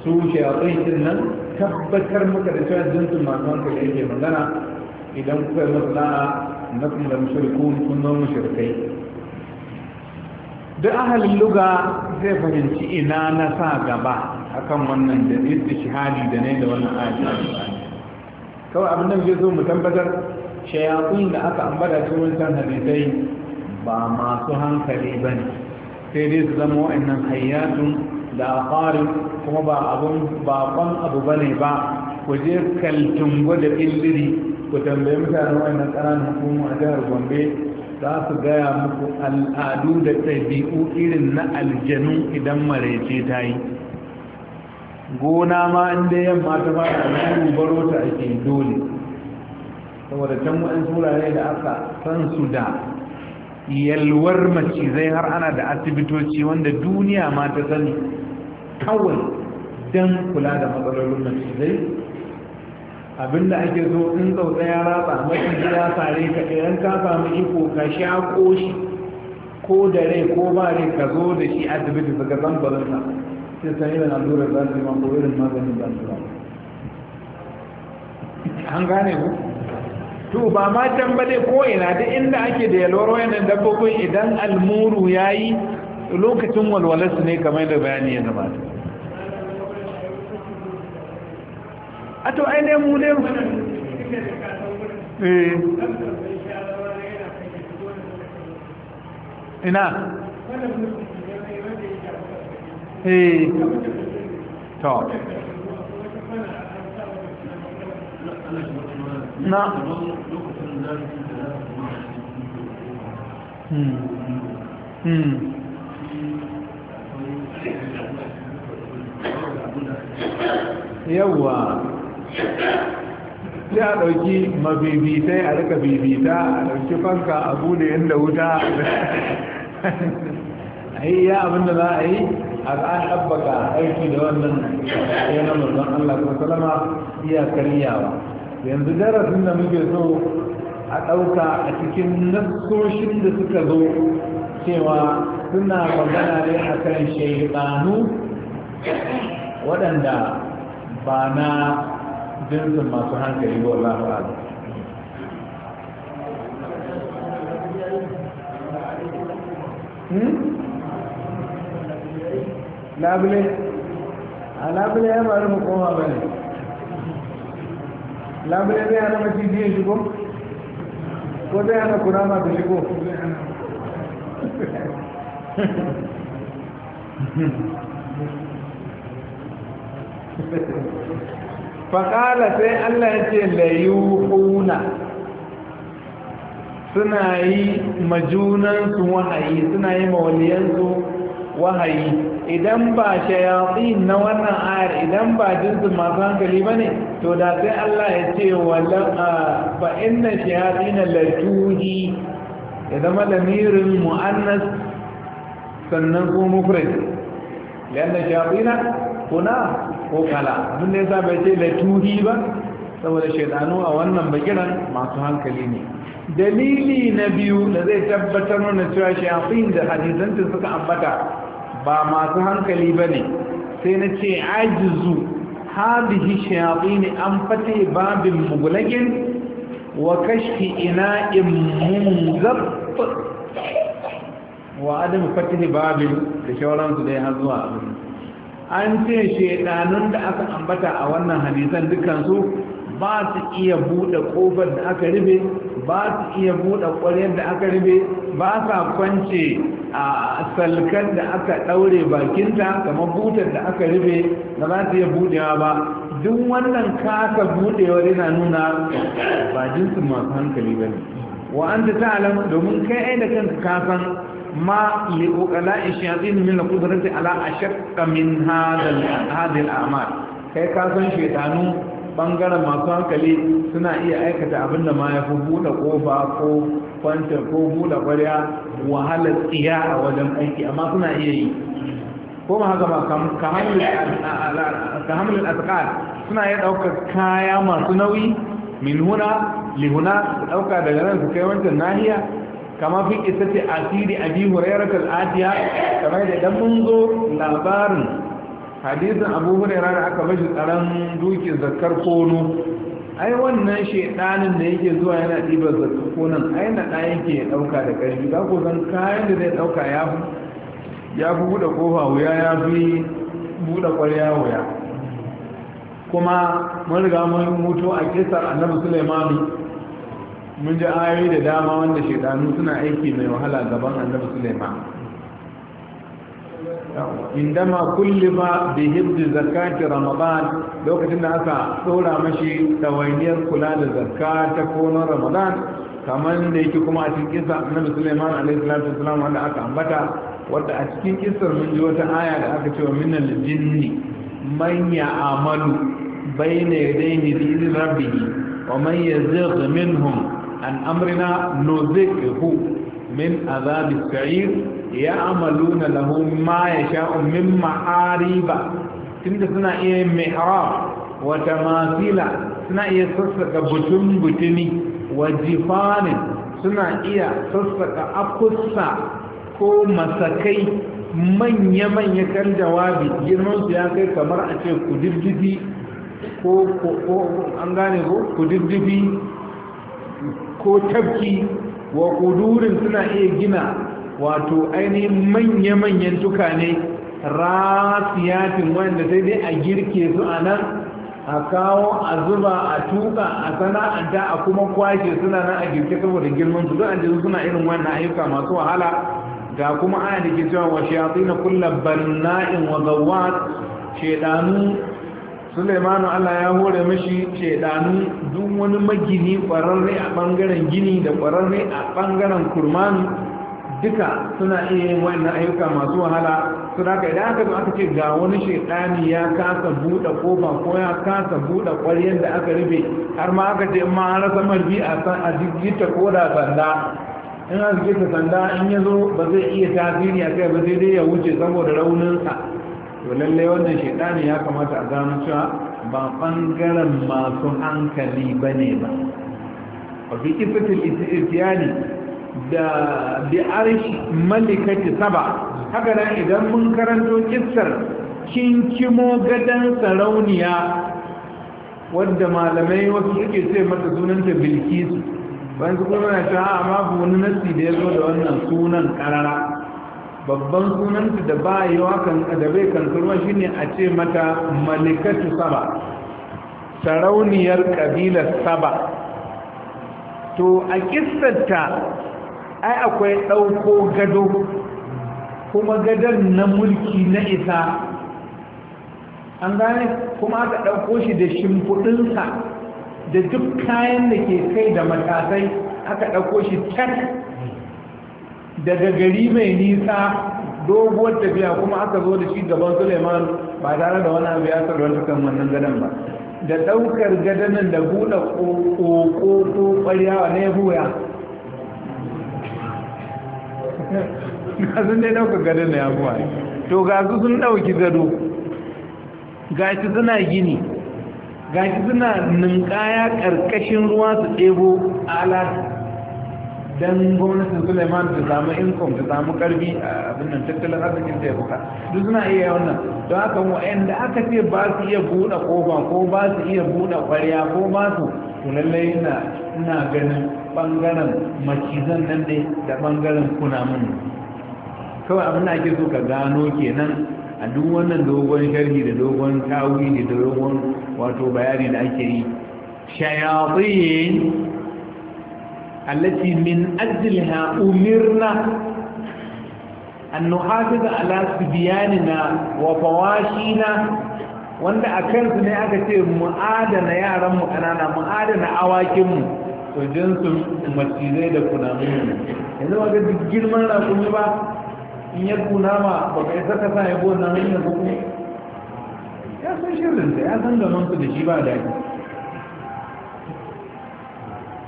su shayatun din nan tabbatar maka da cewa jinsin masu hankali yake magana idan kuka yi masu na kuma da mushrikun kun zama mushrikai duk ahalin luga zai fahimci ina na sa gaba akan wannan da istishhadi da ne da wannan ajiyar kawai abin nan zai zo mu tambatar shayakun da aka ambata cikin san hadisai ba masu hankali ba ne sai dai su zama wa'annan hayyatun da aqarin kuma ba abun bakon abu ba ne ba ku je kaltungo da illiri ku tambayi mutane wa'annan ƙananan hukumu a jihar gombe za su gaya muku al'adu da ɗabi'u irin na aljanu idan marece ta yi gona ma inda yamma ta ba da al'adu baro ta ake dole saboda can wa'in turare da aka san su da yalwar macizai har ana da asibitoci wanda duniya ma ta sani kawai don kula da matsalolin macizai Abin da ake so in tsautsa ya ratsa mafi ya tare ka idan ka samu iko ka sha koshi ko da rai ko ba rai ka zo da shi asibiti daga zambarinsa sai san irin lura za su ma ko irin maganin za su an gane ku to ba ma can ba dai ko ina da inda ake da yalwar wayannan dabbobin idan almuru yi, lokacin walwalarsu ne kamar da bayani ya gabata a to ai mu ne eh. ina eh. to na hmm hmm yawwa sai a ɗauki mabibitai a rika bibita a ɗauki fanka a bude inda wuta a yi ya abinda za a yi a ƙan ɗabbaka aiki da wannan ya na mazan Allah salama iya karyawa yanzu darasin da muke so a ɗauka a cikin nassoshin da suka zo cewa suna magana ne a kan shaidanu waɗanda ba na jinsin masu hankali ba wallahu a'lam hmm? labule a labule ya bari mu koma ba ne labule zai hana maciji ya shigo ko zai hana kurama ta shigo Thank you. faƙala sai allah ya ce layuhuna suna yi majunansu wahayi suna yi mawaliyansu wahayi idan ba shayatsin na wannan ayar idan ba jinsin masu hankali ba ne to da sai allah ya ce ba inna shayatsin na latuhi ya zama lamirin mu'annas sannan ko mufrid lian shayatsin kuna ko kala abin da ya sa ce da latuhi ba saboda shaidanu a wannan bakiran masu hankali ne dalili na biyu da zai tabbatar na cewa shafin da hadisantin suka ambata ba masu hankali ba ne sai na ce ajizu shafi ne an fata babin mugulagin wa kashi ina in munzab wa adam fata babin da shawararsu da ya zuwa abin an ce shedanun da aka ambata a wannan hadisan dukansu ba su iya buɗe ƙofar da aka rube ba su iya buɗe ƙwaryar da aka rube ba sa kwance a salkar da aka ɗaure bakinta kamar butar da aka rube ba za su iya buɗewa ba duk wannan kasa buɗewar yana nuna ba jinsin masu hankali ba ne wa an alamu domin kai ai da kanka kasan ما لأقلاء الشياطين من القدرة على أشق من هذا هذه الأعمال kai ka san shaitanu bangaren masu hankali suna iya aikata abin da ma ya fi buɗe ƙofa ko kwanta ko buɗe ƙwarya wahalar tsiya a wajen aiki amma suna iya yi ko ma haka ba ka hamlin asƙal suna iya ɗaukar kaya masu nauyi min huna lihuna su ɗauka daga nan su kai wancan nahiya kama fi ce asiri a hurairah al kamar da dan zo labarin hadisin abu hurairah da aka bashi tsaron dukin zakar kono ai wannan shedanin da yake zuwa yana ɗibar zakar konan ai na ɗaya yake ya ɗauka da ƙarfi ba ko san kayan da zai ɗauka ya fi ya fi buɗe kofa wuya ya fi buɗe ƙwarya wuya kuma mun riga mun mutu a kisar annabi sulaimani mun ji ayoyi da dama wanda shaidanu suna aiki mai wahala gaban annabi Sulaiman indama ma bi hibdi zakati ramadan lokacin da aka tsora mashi tawainiyar kula da zakka ta konon ramadan kamar da yake kuma a cikin kisa annabi Sulaiman alayhi salatu wasalam wanda aka ambata wanda a cikin kisar mun ji wata aya da aka cewa minal jinni man ya'amalu bayna yadayni bi idhni rabbih wa man yazigh minhum an amrina nuzihu min azab as-sa'ir ya'maluna lahu ma yasha'u min ma'ariba tunda suna iya mihrab wa tamasila suna iya sassaka butun butuni wa suna iya sassaka akussa ko masakai manya-manya kan jawabi girmansu ya kai kamar a ce kududdufi ko an gane ko kududdufi ko tabki wa kudurin suna iya gina wato ainihin manya-manyan tukane rasiyatin wanda sai dai a girke su a nan a kawo a zuba a tuka a sana'anta a kuma kwashe suna nan a girke saboda girman su an jizu suna irin wannan ayyuka masu wahala ga kuma ana da ke cewa wa shayatin kullum banna'in wa gawwat shaidanu Suleimanu Allah ya hore mashi shedanu duk wani magini kwararre a bangaren gini da kwararre a bangaren kurmanu duka suna iya yin wannan ayyuka masu wahala su da idan aka zo aka ce ga wani shedani ya kasa buɗe kofa ko ya kasa buɗe ƙwaryen da aka rufe har ma aka ce ma an rasa marbi a ko da sanda in aka ta sanda in ya ba zai iya tasiri a kai ba sai dai ya wuce saboda rauninsa to lallai wannan shaidani ya kamata a gano cewa ba bangaren masu hankali ba ne ba wafi ifitin itiyani da bi'arish malikati saba haka nan idan mun karanto kissar kinkimo gadon sarauniya wadda malamai wasu suke ce mata sunanta bilkisu bayan su kuma na ta amma wani nasi da ya zo da wannan sunan karara babban sunanta da ba yi kan da bai kankarwa shine a ce mata malikatu saba sarauniyar kabilar saba to a kissarta ai akwai ɗauko gado kuma gadon na mulki na isa an gane kuma aka ɗauko shi da shimfiɗinsa da duk kayan da ke kai da matasai aka ɗauko shi tak daga gari mai nisa doguwar tafiya kuma aka zo da shi gaban suleiman ba tare da wani abu ya sarwanta cikin wannan gadon ba da ɗaukar gadon da buɗe ƙoƙo ƙwarya ne buya sun dai ɗaukar gadon da ya buwa to ga su sun ɗauki gado ga shi suna gini ga shi suna ninkaya ƙarƙashin ruwa su ɗebo alaƙa don gwamnatin suleiman ta samu income ta samu karbi a abin nan tattalin arzikin ya yabuka duk suna iya wannan don haka inda aka ce ba su iya buɗe kofa ko ba su iya buɗe ƙwarya ko ba su to lallai na ina ganin ɓangaren macizan nan dai, da ɓangaren mun kawai abin da ake so ka gano kenan a duk wannan dogon sharhi da dogon tawi da dogon wato bayani da ake yi shayatin التي من أجلها أمرنا أن نحافظ على سبياننا وفواشينا wanda a kansu ne aka ce mu adana yaranmu ƙanana mu adana awakinmu to jinsu macizai da kunamu yanzu ba ga duk girman rakumi ba in ya kunama ba ka isa ka sa ya buwan nan ya san ya san da shi ba daɗi.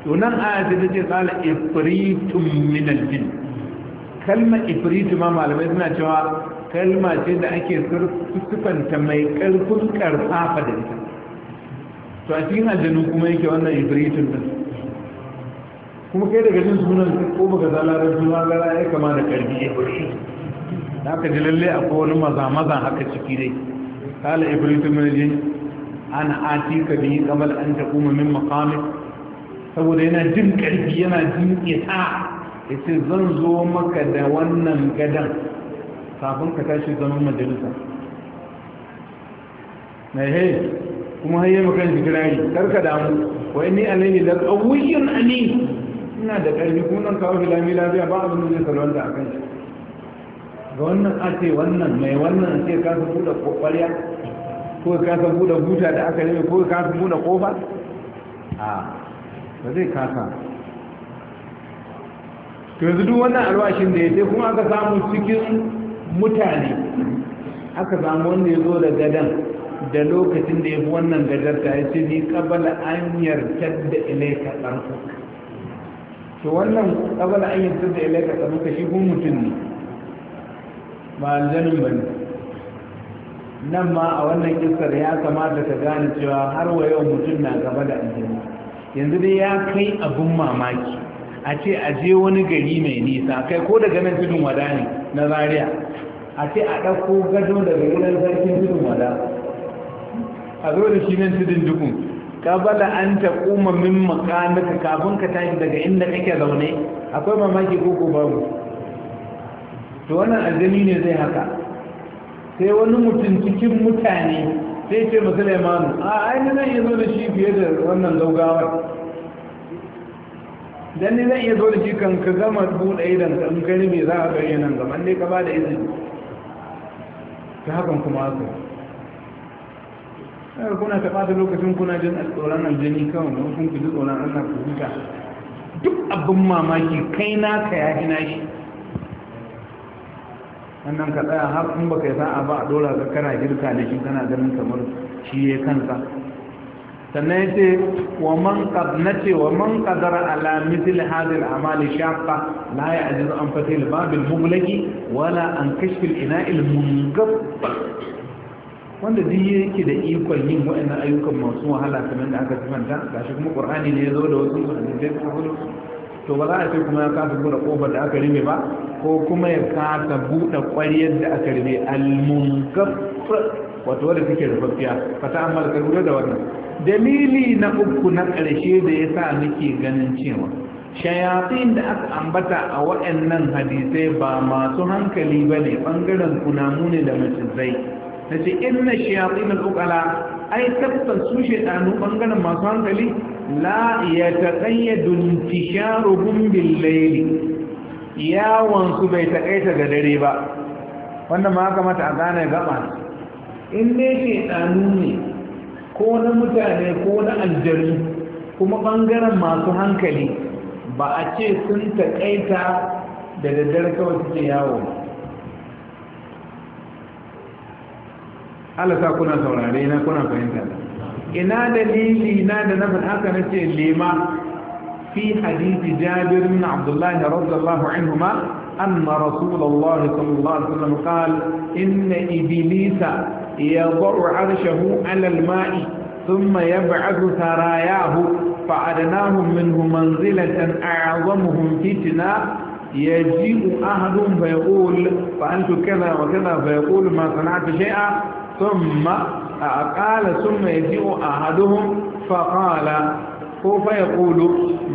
to nan aya ta ce tsala ifritun min aljin kalma ifritu ma malamai suna cewa kalma ce da ake sufanta mai karfin karfafa da ita to a cikin aljanu kuma yake wannan ifritun din kuma kai daga jin sunan ko baka zala, larabci ma gara ya kama da karfi ifritu da aka ji lalle akwai wani maza maza haka ciki dai kala ifritu min An ana atika bi kamar an taquma min maqamik saboda yana jin ƙarfi yana jin ƙeta ya ce zan zo maka da wannan gadan kafin ka tashi zaman majalisa na he kuma haye makan kar karka damu wai ni alaini da ƙawuyin ani ina da ƙarfi kuma nan kawo filami lafiya ba abin da zai salwanta a kan shi ga wannan a ce wannan mai wannan ce su buɗe ƙwarya ko su buɗe buta da aka yi ko su buɗe ƙofa ba zai kasa to yanzu duk wannan alwashin da ya ce kuma aka samu cikin mutane aka samu wanda ya zo da gadan da lokacin da ya fi wannan gadar ta ya ce ni kabala an yarkar da ilaika ɗarku to wannan kabala an yarkar da ilaika ɗarku shi kun mutum ne ba aljanin ba ne nan ma a wannan kisar ya kamata ka gane cewa har wa yau mutum na gaba da aljanin yanzu dai ya kai abin mamaki a ce a je wani gari mai nisa kai ko daga nan tudun wada ne na Zariya? a ce a ɗauko gado daga gidan zarkin tudun wada a zo da shi nan tudun dukun kabala an ta kuma min makamaka kafin ka tashi daga inda kake zaune akwai mamaki ko ko babu to wannan aljani ne zai haka sai wani mutum cikin mutane sai ce musu laimanu a aini zan iya zo da shi fiye da wannan gaugawar don ne zan iya zo da shi kan ka gama buɗe idan ka in kai za a gare nan zama ne ka ba da izini ta hakan kuma haka sai kuna ta ɓata lokacin kuna jin tsoron aljani kawai don kun ji tsoron Allah ku duk abin mamaki kai na ya na shi sannan ka tsaya har in baka yi sa'a ba a dora ka kana girka da shi kana ganin kamar shi ya kansa sannan ya ce wa man ce wa man qadara ala mithl hadhihi amali shaqqa la ya'jizu an fatih al-bab al-mughlaqi wala an kashf al-ina' al-munqab wanda duk yake da ikon yin waɗannan ayyukan masu wahala kamar da aka sifanta gashi kuma qur'ani ne ya zo da wasu hadisai to ba za a ce kuma ya kasa buɗe ƙofar da aka rime ba ko kuma ya kasa buɗe ƙwaryar da aka rime almunkar wato wadda take rufaffiya fata amma da lura da wannan dalili na uku na ƙarshe da ya sa nake ganin cewa shayatin da aka ambata a waɗannan hadisai ba masu hankali ba ne ɓangaren kunamu ne da macizai na ce inna shayatsin al'ukala ai tabbas su shaidanu ɓangaren masu hankali la ya taƙayyadu intisharuhum bil layli yawon su bai taƙaita ga dare ba wannan ma kamata a gane gaba in dai shedanu ne ko na mutane ko na aljaru, kuma ɓangaren masu hankali ba a ce sun taƙaita da daddare kawai suke yawo Allah sa kuna saurare na kuna fahimta ina dalili ina da na faɗa na ce lima fi hadisi jabir bin abdullah radiyallahu anhuma anna rasulullah sallallahu alaihi wasallam qala inna iblisa yad'u 'arshahu 'ala al-ma'i thumma yab'athu tharayahu fa'adnahum minhu manzilatan a'zamuhum fitna يجيء أحد فيقول فأنت كذا وكذا فيقول ما صنعت شيئا ثم قال ثم يجيء أحدهم فقال كيف يقول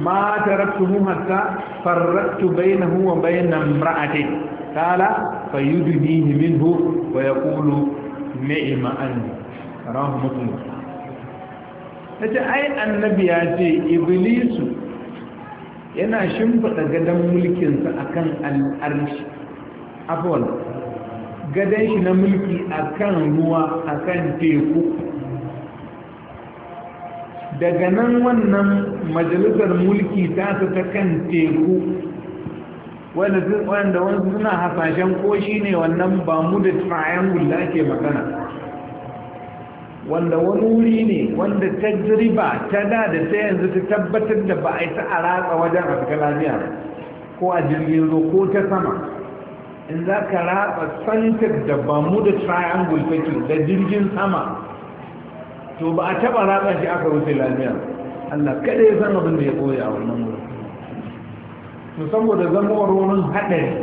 ما تركته حتى فرقت بينه وبين امرأته قال فيدنيه منه ويقول نعم أنت راه مسلم yace ai annabi ya ce iblisu yana shimfiɗa gadon mulkinsa akan al'arshi afwan gadon shi na mulki a kan ruwa a kan teku daga nan wannan majalisar mulki ta su ta kan teku wanda wani suna hasashen ko shi ne wannan ba mu da triangle da ake magana wanda wani wuri ne wanda ta jiriba ta da da ta yanzu ta tabbatar da ba a yi ta a ratsa wajen a lafiya ko a jirgin ko ta sama in za ka raba santar da bamu da triangle take da jirgin sama to ba a taba raba shi aka wuce lafiya Allah kada ya san abin da ya koya a wannan wurin to saboda zamowar wurin haɗari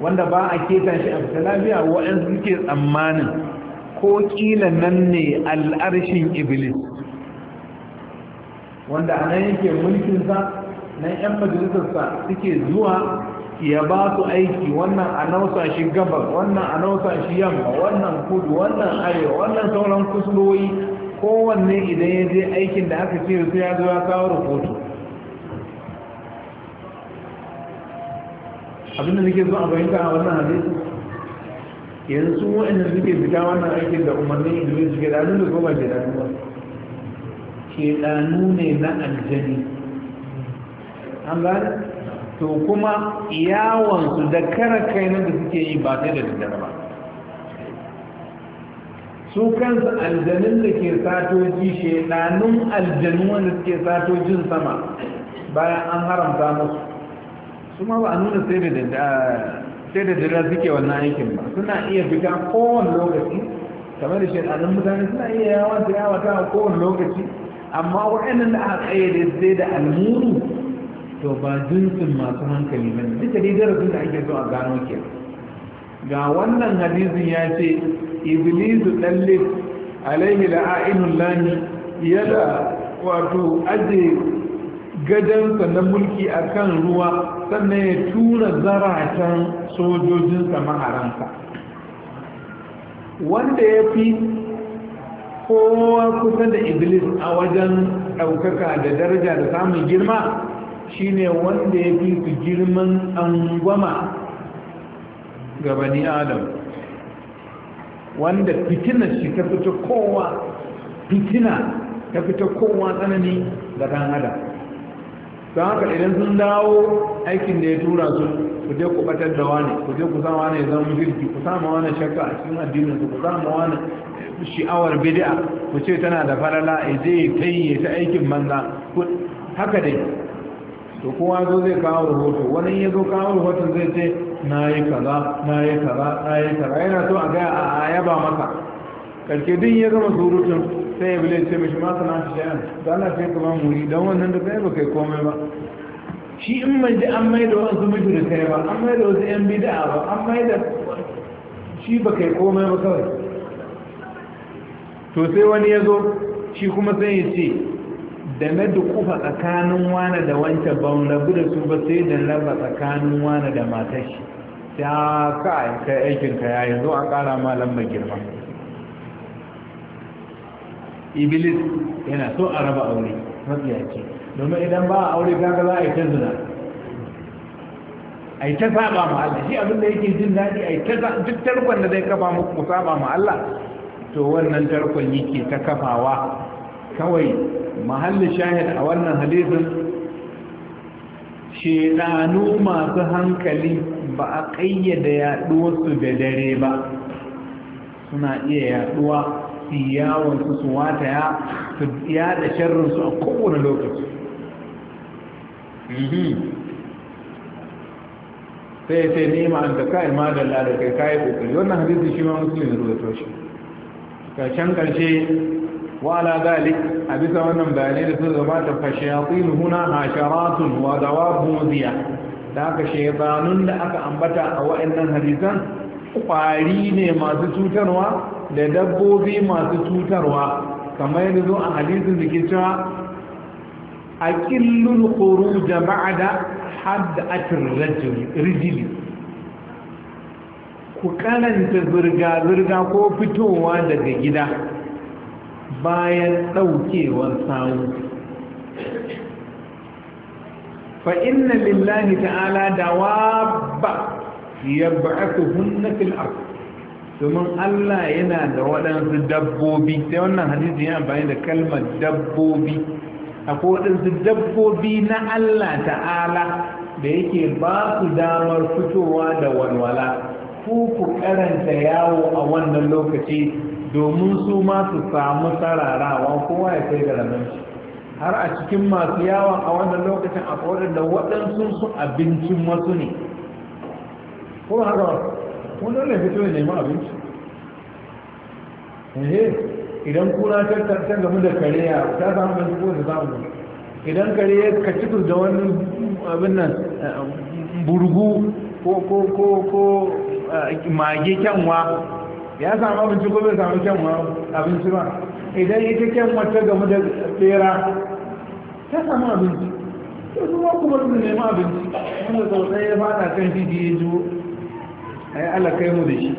wanda ba a keta shi a fita lafiya waɗansu suke tsammanin ko kila nan ne al'arshin iblis wanda a nan yake mulkinsa nan 'yan majalisarsa suke zuwa ya ba su aiki wannan a nausa shi gabar wannan a nausa shi yamma wannan kudu wannan arewa wannan sauran kusurwoyi kowanne idan ya je aikin da aka ce su ya zo ya kawo rahoto abinda nake so a bayyanta a wannan hadisi yanzu waɗanda suke fita wannan aikin da umarni iblis ke da nuna ko ba ke da nuna ke ɗanu ne na aljani an gane to kuma yawonsu da kara kainan da suke yi ba sai da daddare ba su kansu aljanun da ke satoji shedanun aljanu wanda suke satojin sama bayan an haramta musu su ma ba a nuna sai da daddare suke wannan aikin ba suna iya fita kowane lokaci kamar da shedanun mutane suna iya yawon yawata a kowane lokaci amma waɗannan da aka tsaye da sai da almuru to ba jinsin masu hankali ba ne duka dai darasin da ake so a gano ke ga wannan hadisin ya ce iblisu dalle alaihi la'ainul lani yana wato aje gadansa na mulki a kan ruwa sannan ya tura zaratan sojojinsa maharansa wanda ya fi kowa kusa da iblis a wajen daukaka da daraja da samun girma Shi ne wanda ya fi su girman angwama ga bani adam wanda fitina shi ta fita kowa fitina ta fita kowa tsanani ga dan adam don haka idan sun dawo aikin da ya tura su ku je ku batar da wani ku je ku sa wani zan jirgi ku sama wani shakka a cikin addinin ku sama wani shi'awar bidi'a, ku ce tana da farala ya je ta yi ta aikin manza haka dai to kowa zo zai kawo rahoto wani ya zo kawo rahoton zai ce na yi kaza na yi kaza na yi kaza yana so a gaya a yaba maka karke din ya gama surutun sai ya bile ce mashi masu na shayan da ana sai kuma muri don wannan da sai ba kai komai ba shi in mai ji an mai da wasu majalisa ba an mai da wasu yan bida'a ba an mai da shi ba kai komai ba kawai to sai wani ya zo shi kuma sai ya ce da na dukufa tsakanin wane da wancan ba na da su ba sai da raba tsakanin wane da matashi ta ka kai aikinka ya yi zo an kara ma lamba girma iblis yana so a raba aure matsiyaci. domin idan ba a aure ga za a yi ta zina a yi ta saba ma Allah shi abin da yake jin daɗi a yi ta duk tarkon da zai kafa muku saba ma Allah to wannan tarkon yake ta kafawa kawai mahallin shahid a wannan hadisin shedanu masu hankali ba a ƙayyada yaɗuwarsu da dare ba suna iya yaɗuwa su yawon su wataya su yada sharrinsu a kowane lokaci mhm. sai ya sai nema an da kayan madalla da kai kayan kokari wannan hadisun shi ma musulun ruwa toshe ƙarshen ƙarshe وعلى ذلك أبس ونم بانير سرغبات فالشياطين هنا عشرات ودواب مذيع ذاك شيطان لأك أنبتا أو إن حديثا قارين ما ستوتروا لدبو في ما ستوتروا كما ينزو أحاديث ذكرتها أكل الخروج بعد حدأة الرجل رجل ku karanta zirga-zirga ko fitowa daga gida bayan ɗaukewar samu fa inna lillahi ta'ala dawabba yab'athuhunna fil ardh domin Allah yana da waɗansu dabbobi sai wannan hadisi amfani da kalmar dabbobi akwai waɗansu dabbobi na Allah ta'ala da yake ba su damar fitowa da walwala ku ku karanta yawo a wannan lokaci domin su ma su samu sararawa kowa ya kai garamin shi har a cikin masu yawon a wannan lokacin a kodin da waɗansu su abincin wasu ne Ko haka wani ne fito ne nemi abinci ehe idan kuna tattattar gamu da kare ya ta samu abinci ko ta samu idan kare ya kaci da wani abin nan eh, burgu ko eh, mage kyanwa ya samu abinci ko bai samu kyanwa abinci ba idan ita kyanwa ta gamu da tsera ta samu abinci ta zuwa kuma su nemi abinci wanda sautai ya fada kan shi ya ji a yi alakai mu da shi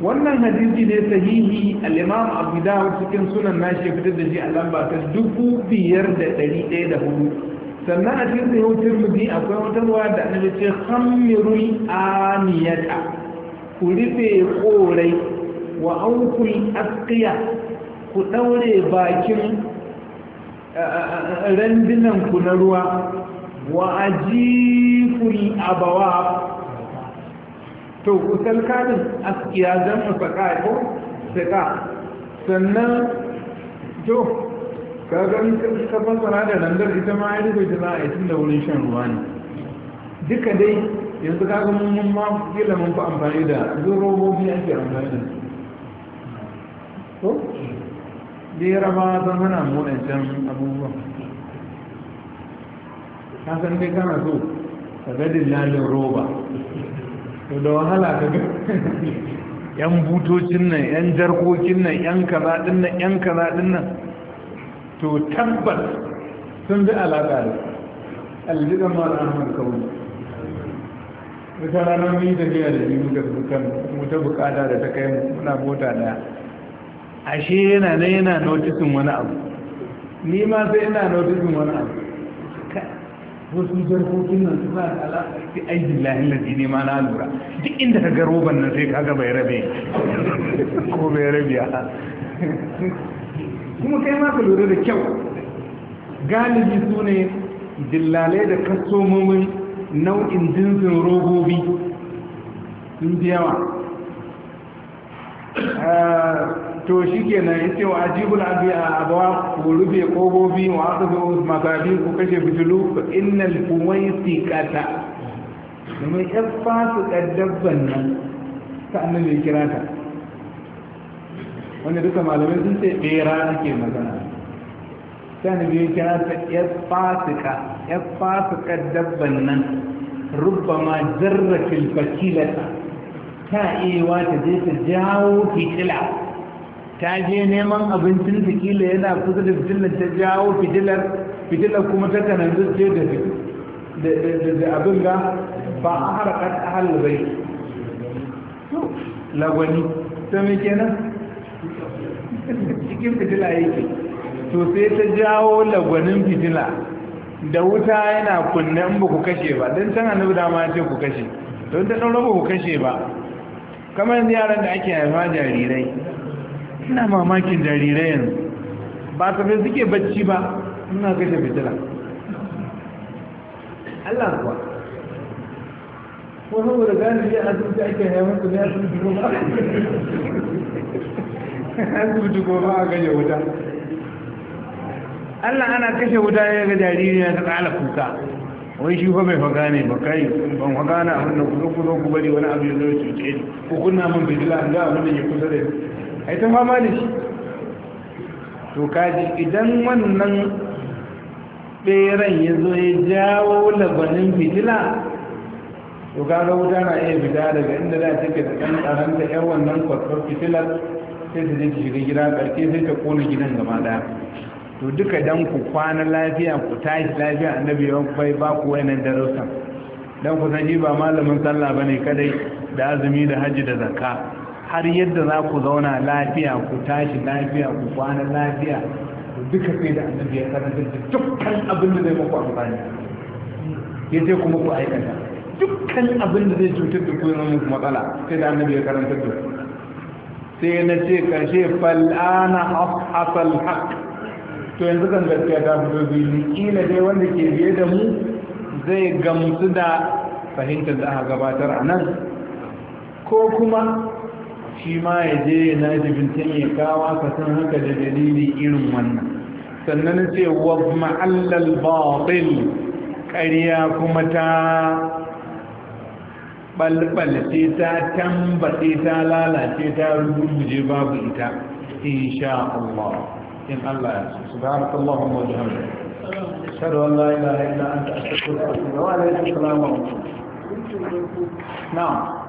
wannan hadisi ne sahihi al-imam abu dawud cikin sunan nashi fitar da shi a lamba ta dubu biyar da ɗari ɗaya da hudu sannan a cikin sahihu turmudi akwai wata ruwa da annabi ce khamirul aniyata ku rufe korai wa an kul askiya ku ɗaure bakin ku na ruwa wa ajiful abawa to ku kanin askiya zan mafaka ko saka sannan to kagan kafin sana da randar ita ma ya rufe ta a yi tun da wurin shan ruwa ne duka dai yanzu kaga mun ma kila mun fi amfani da zuwa robobi ake amfani da su jera ma zan hana munan can abubuwan ka san dai kana so ka ga dillalin roba to da wahala ka ga yan butocin nan yan jarkokin nan yan kaza din nan yan kaza din nan to tabbas sun bi alaƙa da aljiɗan ma'ana hankali wata rana mun yi tafiya da biyu muka tafi kan wata bukata da ta kai muna mota daya ashe yana na yana notisin wani abu ni ma sai ina notisin wani abu wasu jarkokin nan suna da alaƙa ta aiki, lahin lafi ne ma na lura duk inda ka ga roban nan sai kaga bai rabe ko bai rabe a kuma kai ma ka lura da kyau galibi su ne dillalai da kastomomin nau'in jinsin robobi sun fi yawa ah, to shi ke nan ya ce wa ajibul a ah, abuwa ku rufe kogobi wa aka zo makabi ku kashe fitilu fa innal su kata domin ya fasu ƙaddabban nan ta annabi kira ta wanda duka malamai sun ce ɓera ake magana sai na biyu kira ta ya fasika ya fasika dabban nan rubbama jarratil fakilata ta iya ta je ta jawo fitila ta je neman abincin fikila yana kusa da fitilar ta jawo fitilar fitilar kuma ta kanan zuce da abin ga ba a harkar halibai lagwani ta mai kenan cikin fitila yake to sai ta jawo lagwanin fitila da wuta yana kunne in ba ku kashe ba don can annabi dama ya ce ku kashe don ta ɗaura ba ku kashe ba kamar yanzu yaran da ake haifa jarirai ina mamakin jarirai yanzu ba tafi suke bacci ba ina kashe fitila Allah kuwa ko saboda galibi a asibiti ake haifar su ne asibiti ba asibiti ko ba a kashe wuta Allah ana kashe wuta ya ga jariri ya ta kala kuka wai shi fa bai fa gane ba kai ban fa gane abin da kuzo kuzo ku bari wani abu ya zo cuce ni ko kunna min bijila an ga abin da ya kusa da ai ta fama da shi to kaji idan wannan beran ya zo ya jawo labanin fitila to kaga wuta na iya fita daga inda za ta ke da ɗan karanta yan wannan kwakwar fitilar sai ta je ta shiga gida karke sai ta kona gidan gaba ɗaya to duka dan ku kwana lafiya ku tashi lafiya annabi yawan bai ba ku wannan darussan dan ku san ba malamin sallah bane kadai da azumi da haji da zakka har yadda za ku zauna lafiya ku tashi lafiya ku kwana lafiya To duka sai da annabi ya karanta da dukkan abin da zai muku amfani yace kuma ku aikata dukkan abin da zai cutar da ku yana muku matsala sai da annabi ya karanta da sai na ce karshe fal'ana asal haqq to yanzu kan gaskiya ta fito biyu kila dai wanda ke biye da mu zai gamsu da fahimtar da aka gabatar a nan ko kuma shi ma ya je na jibintin ya kawa san haka da dalili irin wannan sannan ce wa ma'allal batil ƙarya kuma ta balbalce ta tambace ta lalace ta rubuje babu ita insha Allah in Allah ya so subhanakallahumma wa bihamdika ashhadu an la ilaha illa anta wa atubu ilayk na'am